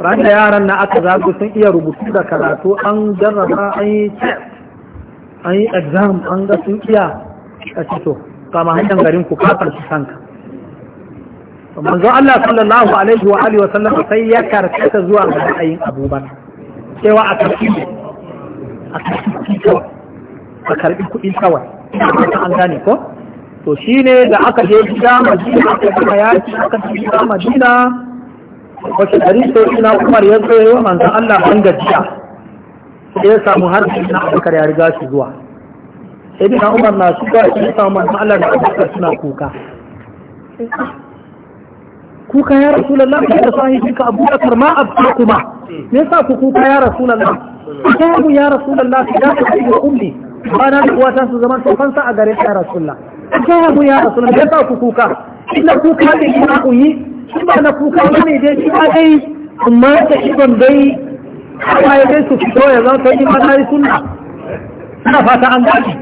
ranar yaran na aka zaɓi sun iya rubutu da karatu an jarraba an yi test an yi exam an ga sun iya a cito kama hanyar garin ku kafar su kanka manzo Allah sallallahu alaihi wa alihi wa sallam sai ya karkata zuwa ga ra'ayin abubakar cewa a karbi a kuɗi kawai a karbi kuɗi kawai an gane ko to shi ne da aka je gida madina aka kuma yaki aka ce gida madina wasu ɗari sai ina umar ya zo wa manzan Allah ban gajiya sai ya samu har na aka ya riga shi zuwa sai dina umar na shi zuwa ya samu manzan Allah da aka suna kuka kuka ya rasu rasulallah ya da shi ka abubakar ma abu kuma me yasa ku kuka ya rasulallah ku ya rasulallah ya ta ummi ba na da uwata su zaman tsofansa a gare ta rasulallah gaya mu ya rasu ya sa ku kuka inda kuka ne kuma ku yi na kuka wani dai shi ba dai amma ta ibon dai kuma ya dai su fito ya zama sai ma na yi sunna ina fata an gani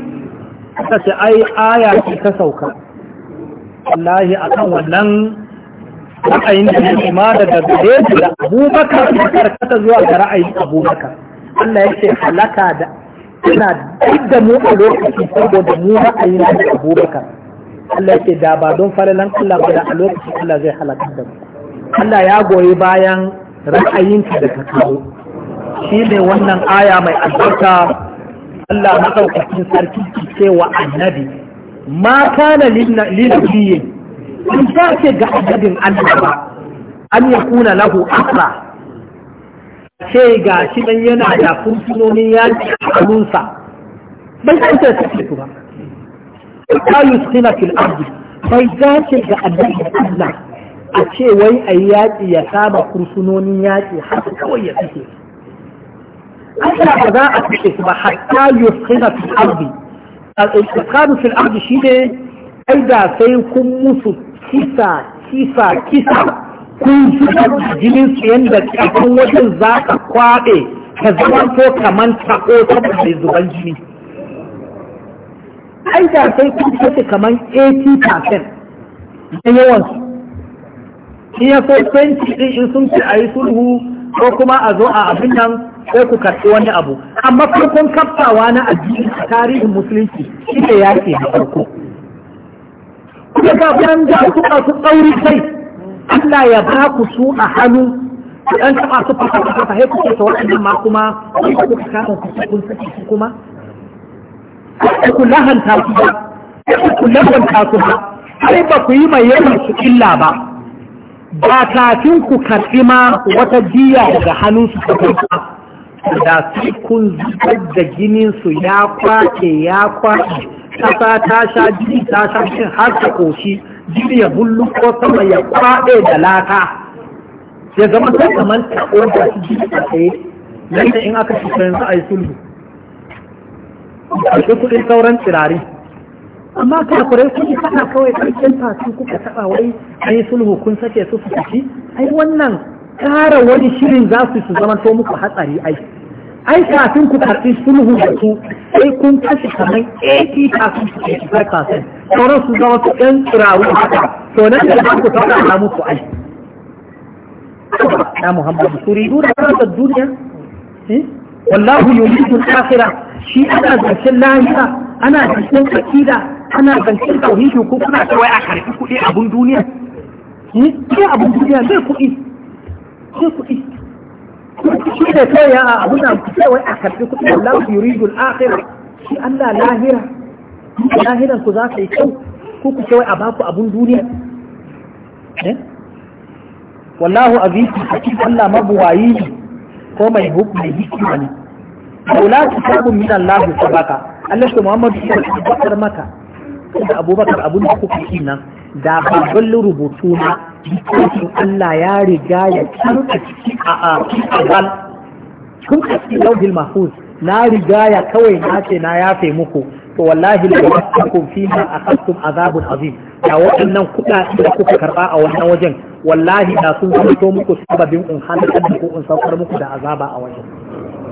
ta ce ai aya ki ta sauka wallahi akan wannan ra'ayin da ne ma da dabbare da abubakar da karkata zuwa ga ra'ayin abubakar Allah ya ce halaka da suna duk da mu a lokaci saboda mu ra'ayi na da abubakar Allah ce da ba don falalan Allah ba da a lokacin Allah zai halaka da mu Allah ya goyi bayan ra'ayinka da ka kawo shi ne wannan aya mai albarka Allah maɗaukacin sarki ki wa annabi ma kana linabiyin in ta ke ga annabin Allah ba an yi kuna lahu asra ce ga shi nan yana da fursunonin yaƙi a hannunsa bai san ta tafi ba ta yusina fil ardi bai dace ga annabi Allah a ce wai a yi yaƙi ya saba fursunonin yaƙi har kawai ya fice Allah ba za a fice su ba hatta yusina fil ardi al-istiqamu fil ardi shi ne ai da sai kun musu kisa kisa kisa kun shiga da jinin su yadda kafin wajen za ka kwaɓe ka zama ko kaman tako saboda zuban jini ai da sai kun kace kamar 80% na yawan su in ya so 20 din in sun a yi sulhu ko kuma a zo a abin nan sai ku karɓi wani abu amma farkon kafawa na addini a tarihin musulunci shi ne yake da farko kuma kafin da suka su ɗauri kai Allah ya ba ku su a hannu dan taɓa su fata fata sai ku ta wannan ma kuma ku kasa ku kun saki su kuma ku lahanta su ba ku lahanta su ba ba ku yi mai yawan su illa ba ba kafin ku karɓi ma wata biya daga hannun su ta da su kun zubar da ginin su ya kwace ya kwace ƙasa ta sha jini ta sha jini har ta koshi jirya bullu ko sama ya kwaɗe da laka ya zama ta kamar ta da su ji a tsaye na yadda in aka shuka yanzu a yi sulhu ƙarfi kuɗin sauran tsirari amma kakurai sun yi kasa kawai ƙarfin tasu kuka taɓa wai an yi sulhu kun sake su su tafi ai wannan ƙara wani shirin za su su zama to muku hatsari ai ai kafin ku karɓi sulhu da su sai kun kashe kamar 80 kafin su ke shigar kafin sauran su zama su ɗan tsirawu haka to nan da za ku faɗa na muku ai ya muhammadu turidu da karanta duniya wallahu yuridu al-akhirah shi ana zancen lahira ana zancen akida ana zancen tauhidi ko kuna kawai a karɓi kuɗi abun duniya ne abun duniya zai kuɗi zai kuɗi shi da kawai a abu na kawai a karbi kuma, Allah ku yuridu al-akhir shi Allah lahira lahiran ku za ka yi kyau ku ku kawai a baku abun duniya eh? wallahu a cikin Allah mabuwayi ne ko mai hukumi hikima ne Maula kitabun min Allah sabaka Allah shi Muhammad ya tabbatar maka da Abubakar abun da kuka yi nan da ban rubutu na littafin Allah ya riga ya canza ciki a a a na riga ya kawai na ce na yafe muku to wallahi la yakum fiha akhadtum azabun azim ya waɗannan kuɗaɗe da kuka karɓa a wannan wajen wallahi da sun fito muku sababin in halakar da ku in saukar muku da azaba a wajen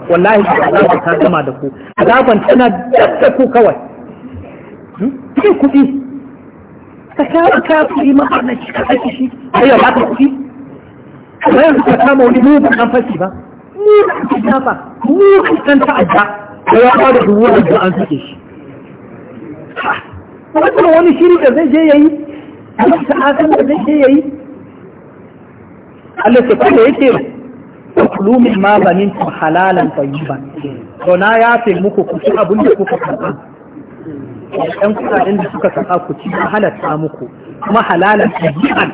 wallahi da azaba ta gama da ku azaban tana da ku kawai hmm? kuɗi ka kama kafiri mafarnaci ka sake shi a yau ba ka kuɗi ba yanzu ka kama wani mugun kan fashi ba mugun ɗan tafa mugun kan ta'adda da ya kawo da a da an sake shi wannan wani shiri da zai je yayi Allah ta'atan da zai je yayi Allah ta kuma yake kulu min ma banintum halalan tayyiban to na yafe muku ku abin da kuka karɓa ɗan kudaden da suka saka ku ci halatta muku kuma halalan tabi'an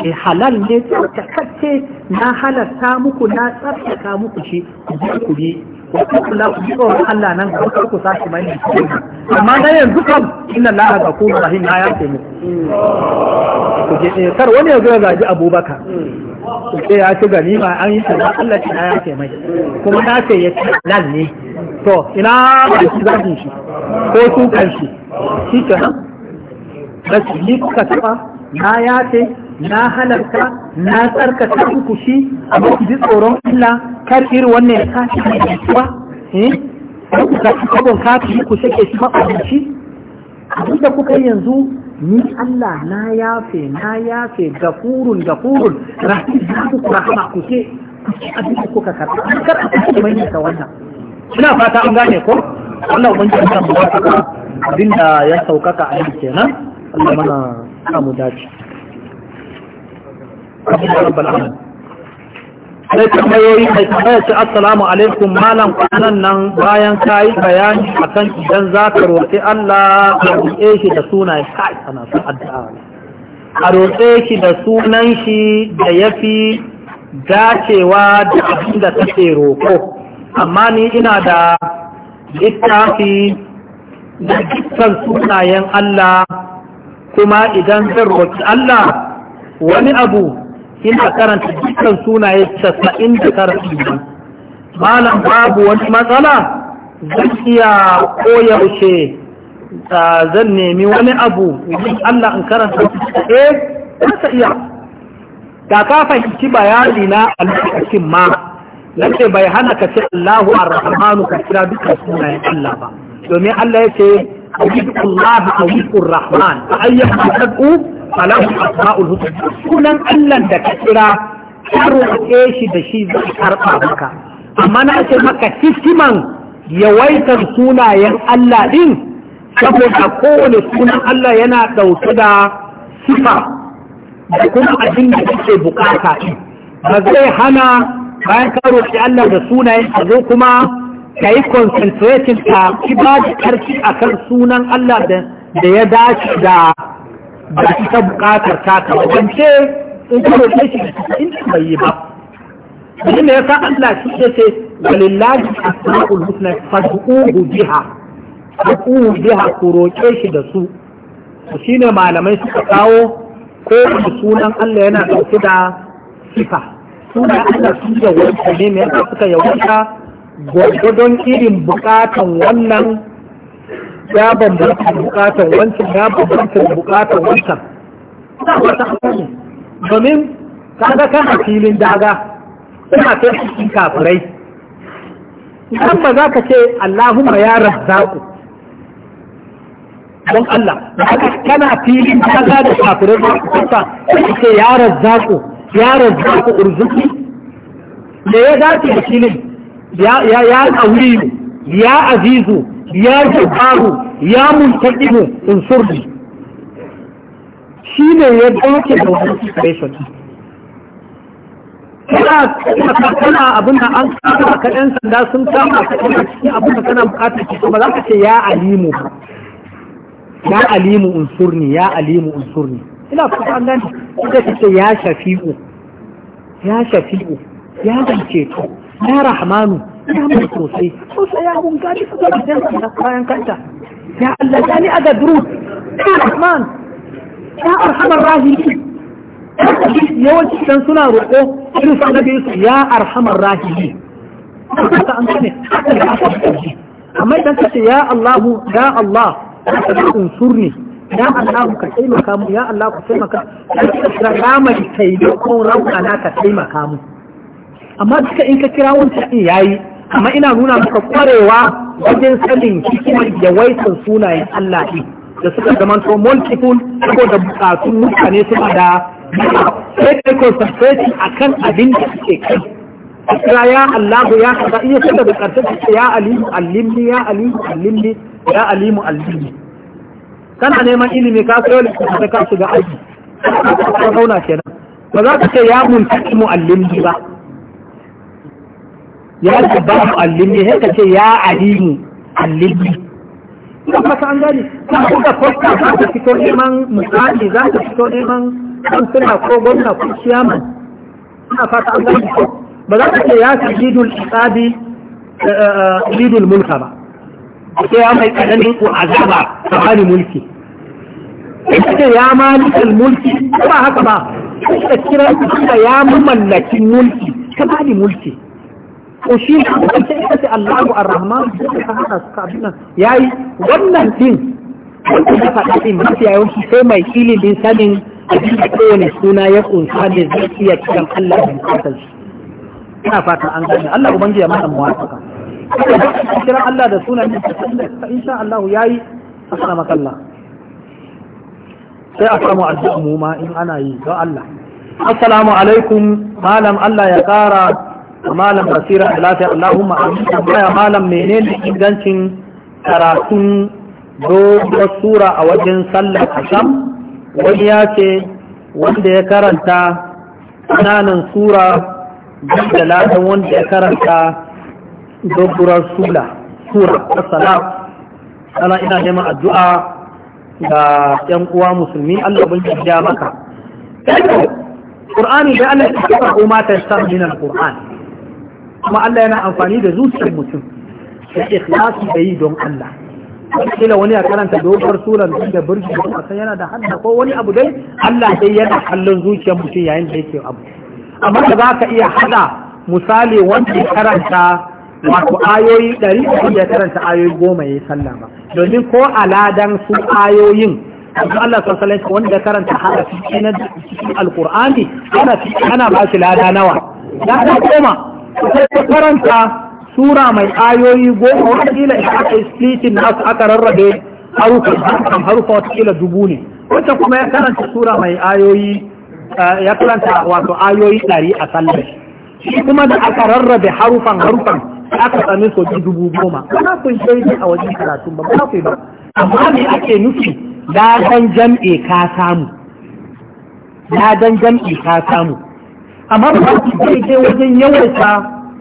ke eh, halal ne tsarkakacce na halatta muku na tsarkaka muku shi ku ji ku bi wa kula ku tsoron Allah nan ga kuka ku sashi mai ne amma na yanzu kam inna Allah ga ku rahim na ya ce muku ku je eh, kar wani ya zo ya gaji Abubakar ku ce ya ci ganima an yi tsara Allah ya ce mai kuma na ce ya ci halal ne to ina ba shi zafin shi ko kan shi shi ke nan da shi ni kuka taba na yace na halarta na tsarkata uku shi a ku ji tsoron Allah kar irin wannan ya kashi ne kuwa eh ku ka kabon kafi ku sake shi shi abin da kuka yanzu ni Allah na yafe na yafe gafurun gafurun rahim na ku rahama ku ci abin da kuka karɓa kar a kuma mai ta wannan ina fata an gane ko Allah ubangiji kan mu saka abinda ya saukaka a yau kenan Allah mana samu dace rabbal alamin sai tambayoyi mai tambaya ce assalamu alaikum malam kwanan nan bayan kayi bayani akan idan za ka roƙi Allah ka roƙe shi da sunaye kai ana son addu'a a roƙe shi da sunan shi da yafi dacewa da abin da kake roƙo amma ni ina da littafi da dukkan sunayen Allah kuma idan zan roƙi Allah wani abu ina karanta dukkan sunaye casa'in da karfi malam babu wani matsala zan iya koyaushe zan nemi wani abu yi Allah in karanta e eh, kasa iya da ka fahimci bayani na a ma lalle bai hana ka ce Allahu ar-Rahmanu ka kira dukkan sunayen Allah ba domin Allah ya ce Allah awiqur Rahman fa ayyuhu tad'u falahu asma'ul husna sunan Allah da ka kira karo shi da shi zai karba maka amma na ce maka hikiman yawaitar sunayen Allah ɗin saboda kowane sunan Allah yana ɗauke da sifa da kuma abin da kake bukata ba zai hana bayan ka roƙi Allah da sunayen a zo kuma ka yi concentrating ka ki ba da karfi a kan sunan Allah da ya dace da da ta buƙatar Wajen ce in ka roƙe shi in bai yi ba shi ne yasa Allah shi ya ce walillahi asmaul husna fad'uhu biha fad'uhu biha ku roƙe shi da su shine malamai suka kawo ko sunan Allah yana ɗauke da sifa suna ana su wata ne mai yasa suka yawaita gwargwadon irin bukatan wannan ya bambanta bukatan wancan ya bambanta bukatan wancan domin kaga kana filin daga suna kai cikin kafirai idan ba za ka ce Allahumma ya razzaku don Allah kana filin daga da kafirai ba ka ce ya razzaku yaron za ku urzuki me ya dace da shi ne ya ƙauriyu ya azizu ya jabaru ya mu in surdi shi ne ya dace da wani situation kana abin da an kama ka ɗan sanda sun kama ka ɗan cikin abin da kana bukatar ki ba za ka ce ya alimu ya alimu unsurni ya alimu unsurni ina fata an gani inda kace ya shafi'u ya shafi'u ya zance to ya rahmanu ya mai sosai sosai ya mun gani su ga bidan da kayan kanta ya Allah ni aga duru ya rahman ya arhamar rahimin yawanci dan suna roƙo irin sa nabi su ya arhamar rahimin haka an gane haka da aka amma idan kace ya Allahu ya Allah ka tsunsurni ya Allah ka taimaka mu ya Allah ka taimaka ka rama taimako rauka na ka taimaka mu amma duka in ka kira wancan din yayi amma ina nuna maka kwarewa wajen sanin hikimar yawaitar sunayen Allah din da suka to multiple ko da bukatun mutane suna da sai kai concentrating akan abin da suke kai kira ya Allah ya kasa iya kada da karshe ya alimu allimni ya alimu allimni ya alimu allimni kana neman ilimi ka sayo littattafai ka shiga aiki. ka zauna kenan ba za ka ce ya muntaci mu'allimni ba ya ce ba mu'allimni sai ka ce ya alimu allimni ina fata an gani ka buga fosta za ka fito neman misali za ka fito neman kansila ko gwamna ko ciyaman ina fata an gani ba za ka ce ya sajidul isabi eh, eh, eh, lidul mulka ba sai ya mai tsananin ko azaba ta bani mulki ita ya malikal mulki ba haka ba ita kira ita ya mamallakin mulki ta bani mulki ko shi ne ita ce Allahu Ar-Rahman ta hada su kabina yayi wannan din wanda ta faɗa din mafi yawanci sai mai ilimin sanin abin da kowane suna ya kunsa da zai iya kiran Allah da kasance ina fatan an gane Allah ubangiji ya mana muwafaka kira Allah da sunan Allah sai a samu addu'a mu ma in ana yi ga Allah assalamu alaikum malam Allah ya kara malam basira da lafiya Allahumma amin malam menene ingancin karatun dogon sura a wajen sallar asham wani ya ce wanda ya karanta ƙananan sura da ladan wanda ya karanta dogurar sula sura assalam ana ina neman addu'a ga yan uwa musulmi Allah bin ya maka Qur'ani da Allah ya saka umma ta san min al kuma Allah yana amfani da zuciyar mutum da ikhlasi da yi don Allah kila wani ya karanta doguwar suran da burji don a san yana da hadda ko wani abu dai Allah sai yana kallon zuciyar mutum yayin da yake abu amma da za ka iya hada misali wanda ya karanta wato ayoyi ɗari ya karanta ayoyi goma ya yi sallah ba domin ko aladan su ayoyin abu Allah sassalin wanda karanta fiye na cikin alkur'ani ana ba shi lada nawa ya ta koma. sai karanta sura mai ayoyi goma wata kila ita aka yi splitin su aka rarrabe harufa harufan harufa kila dubu ne Wata kuma ya karanta sura mai ayoyi eh, ya karanta wato ayoyi ɗari a sallar shi kuma da aka rarrabe harufan harufan aka sami soji dubu goma ba kun ku shaidi a wajen karatun ba ba ku ba amma me ake nufi dan jam'i ka samu dan jam'i ka samu amma ba ku je wajen yawaita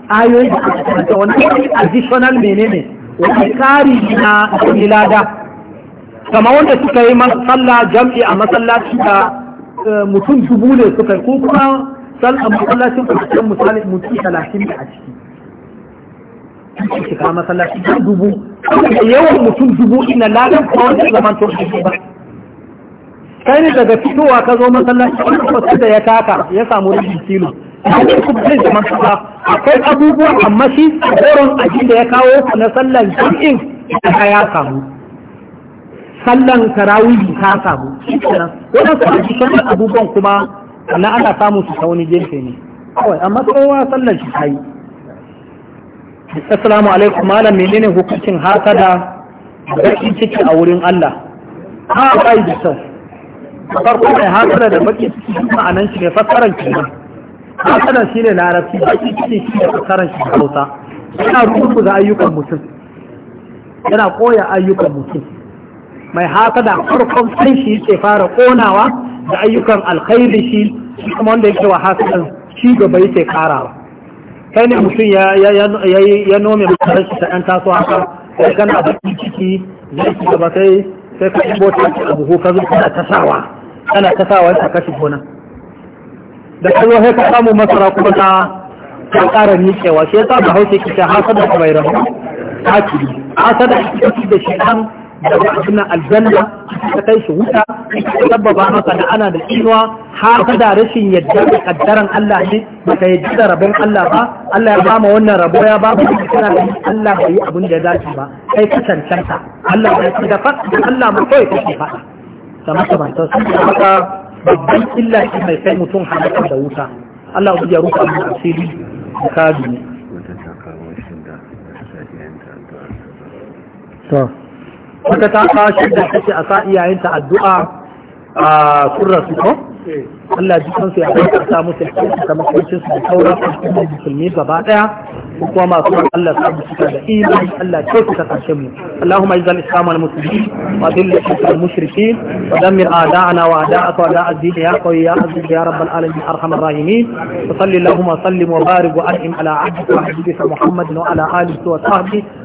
ayoyi da aka karanta wani additional menene wani kari na lada kama wanda suka yi sallah jam'i a masallaci da eh, mutum dubu ne suka yi ko kuma sallah masallacin kusurcin misali mutum talatin da a ciki kuke shiga masallaci ta dubu yawan mutum dubu ina ladan ko wani zaman to shi ba kai ne daga fitowa ka zo masallaci wani kwatar da ya taka ya samu rikin kilo yanzu kuma zai zaman kasa akwai abubuwa amma shi tsoron abin da ya kawo su na sallan jam'in da ya samu sallan tarawihi ta samu wadansu a cikin abubuwan kuma na ana samu su ta wani gefe ne kawai amma kowa sallan shi ta yi assalamu alaikum malam menene hukuncin hasada bakin ciki a wurin Allah ha bai da kyau farko mai hasada da bakin ciki ma'anan shi ne fassaran shi ne hasada shi ne larabci bakin ciki shi ne fassaran shi Hausa yana da ayyukan mutum yana koya ayyukan mutum mai hasada farkon sai shi yake fara konawa da ayyukan alkhairi shi kuma wanda yake wa hasadan shi gaba yake karawa kai ne mutum ya nome mutarar shi ta yan taso haka sai kana bakin ciki zai ci gaba sai sai ka ɗibo ta ci buhu ka zo kana tasawa kana tasawa ya kashi gona da ka zo sai ka samu masara kuma ta ta ƙara miƙewa shi ya sa da hausa ki ta hasa da bai rabu ta ci hasa da da shi ɗan daga cikin aljanna ta kai shi wuta sababa sabbaba masa da ana da inuwa har kada rashin yadda da kaddaran Allah ne baka yadda da rabon Allah ba Allah ya bama wannan rabo ya ba ku kana da Allah bai yi abin da zaki ba kai ka cancanta Allah ya ci da fat Allah mu kai kake fada kamar ka ba to sun haka babban illa shi mai kai mutum halaka da wuta Allah ya ruka mu asiri ka duniya to wata ta kashin da take a sa iyayenta addu'a a surra su ko Allah ji kansu ya kai ta musu ta makwancin su da sauran al'ummar musulmi gaba daya ko kuma masu Allah ta musu da imani Allah ke su ta kashe mu Allahumma izal islam al muslimin wa dhill shirk al mushrikin wa dammir a'da'ana wa a'da'aka wa da'a ad-din ya qawi ya aziz ya rabb al alamin arhamar rahimin wa salli Allahumma sallim wa barik wa an'im ala 'abdika wa habibika Muhammad wa ala alihi wa sahbihi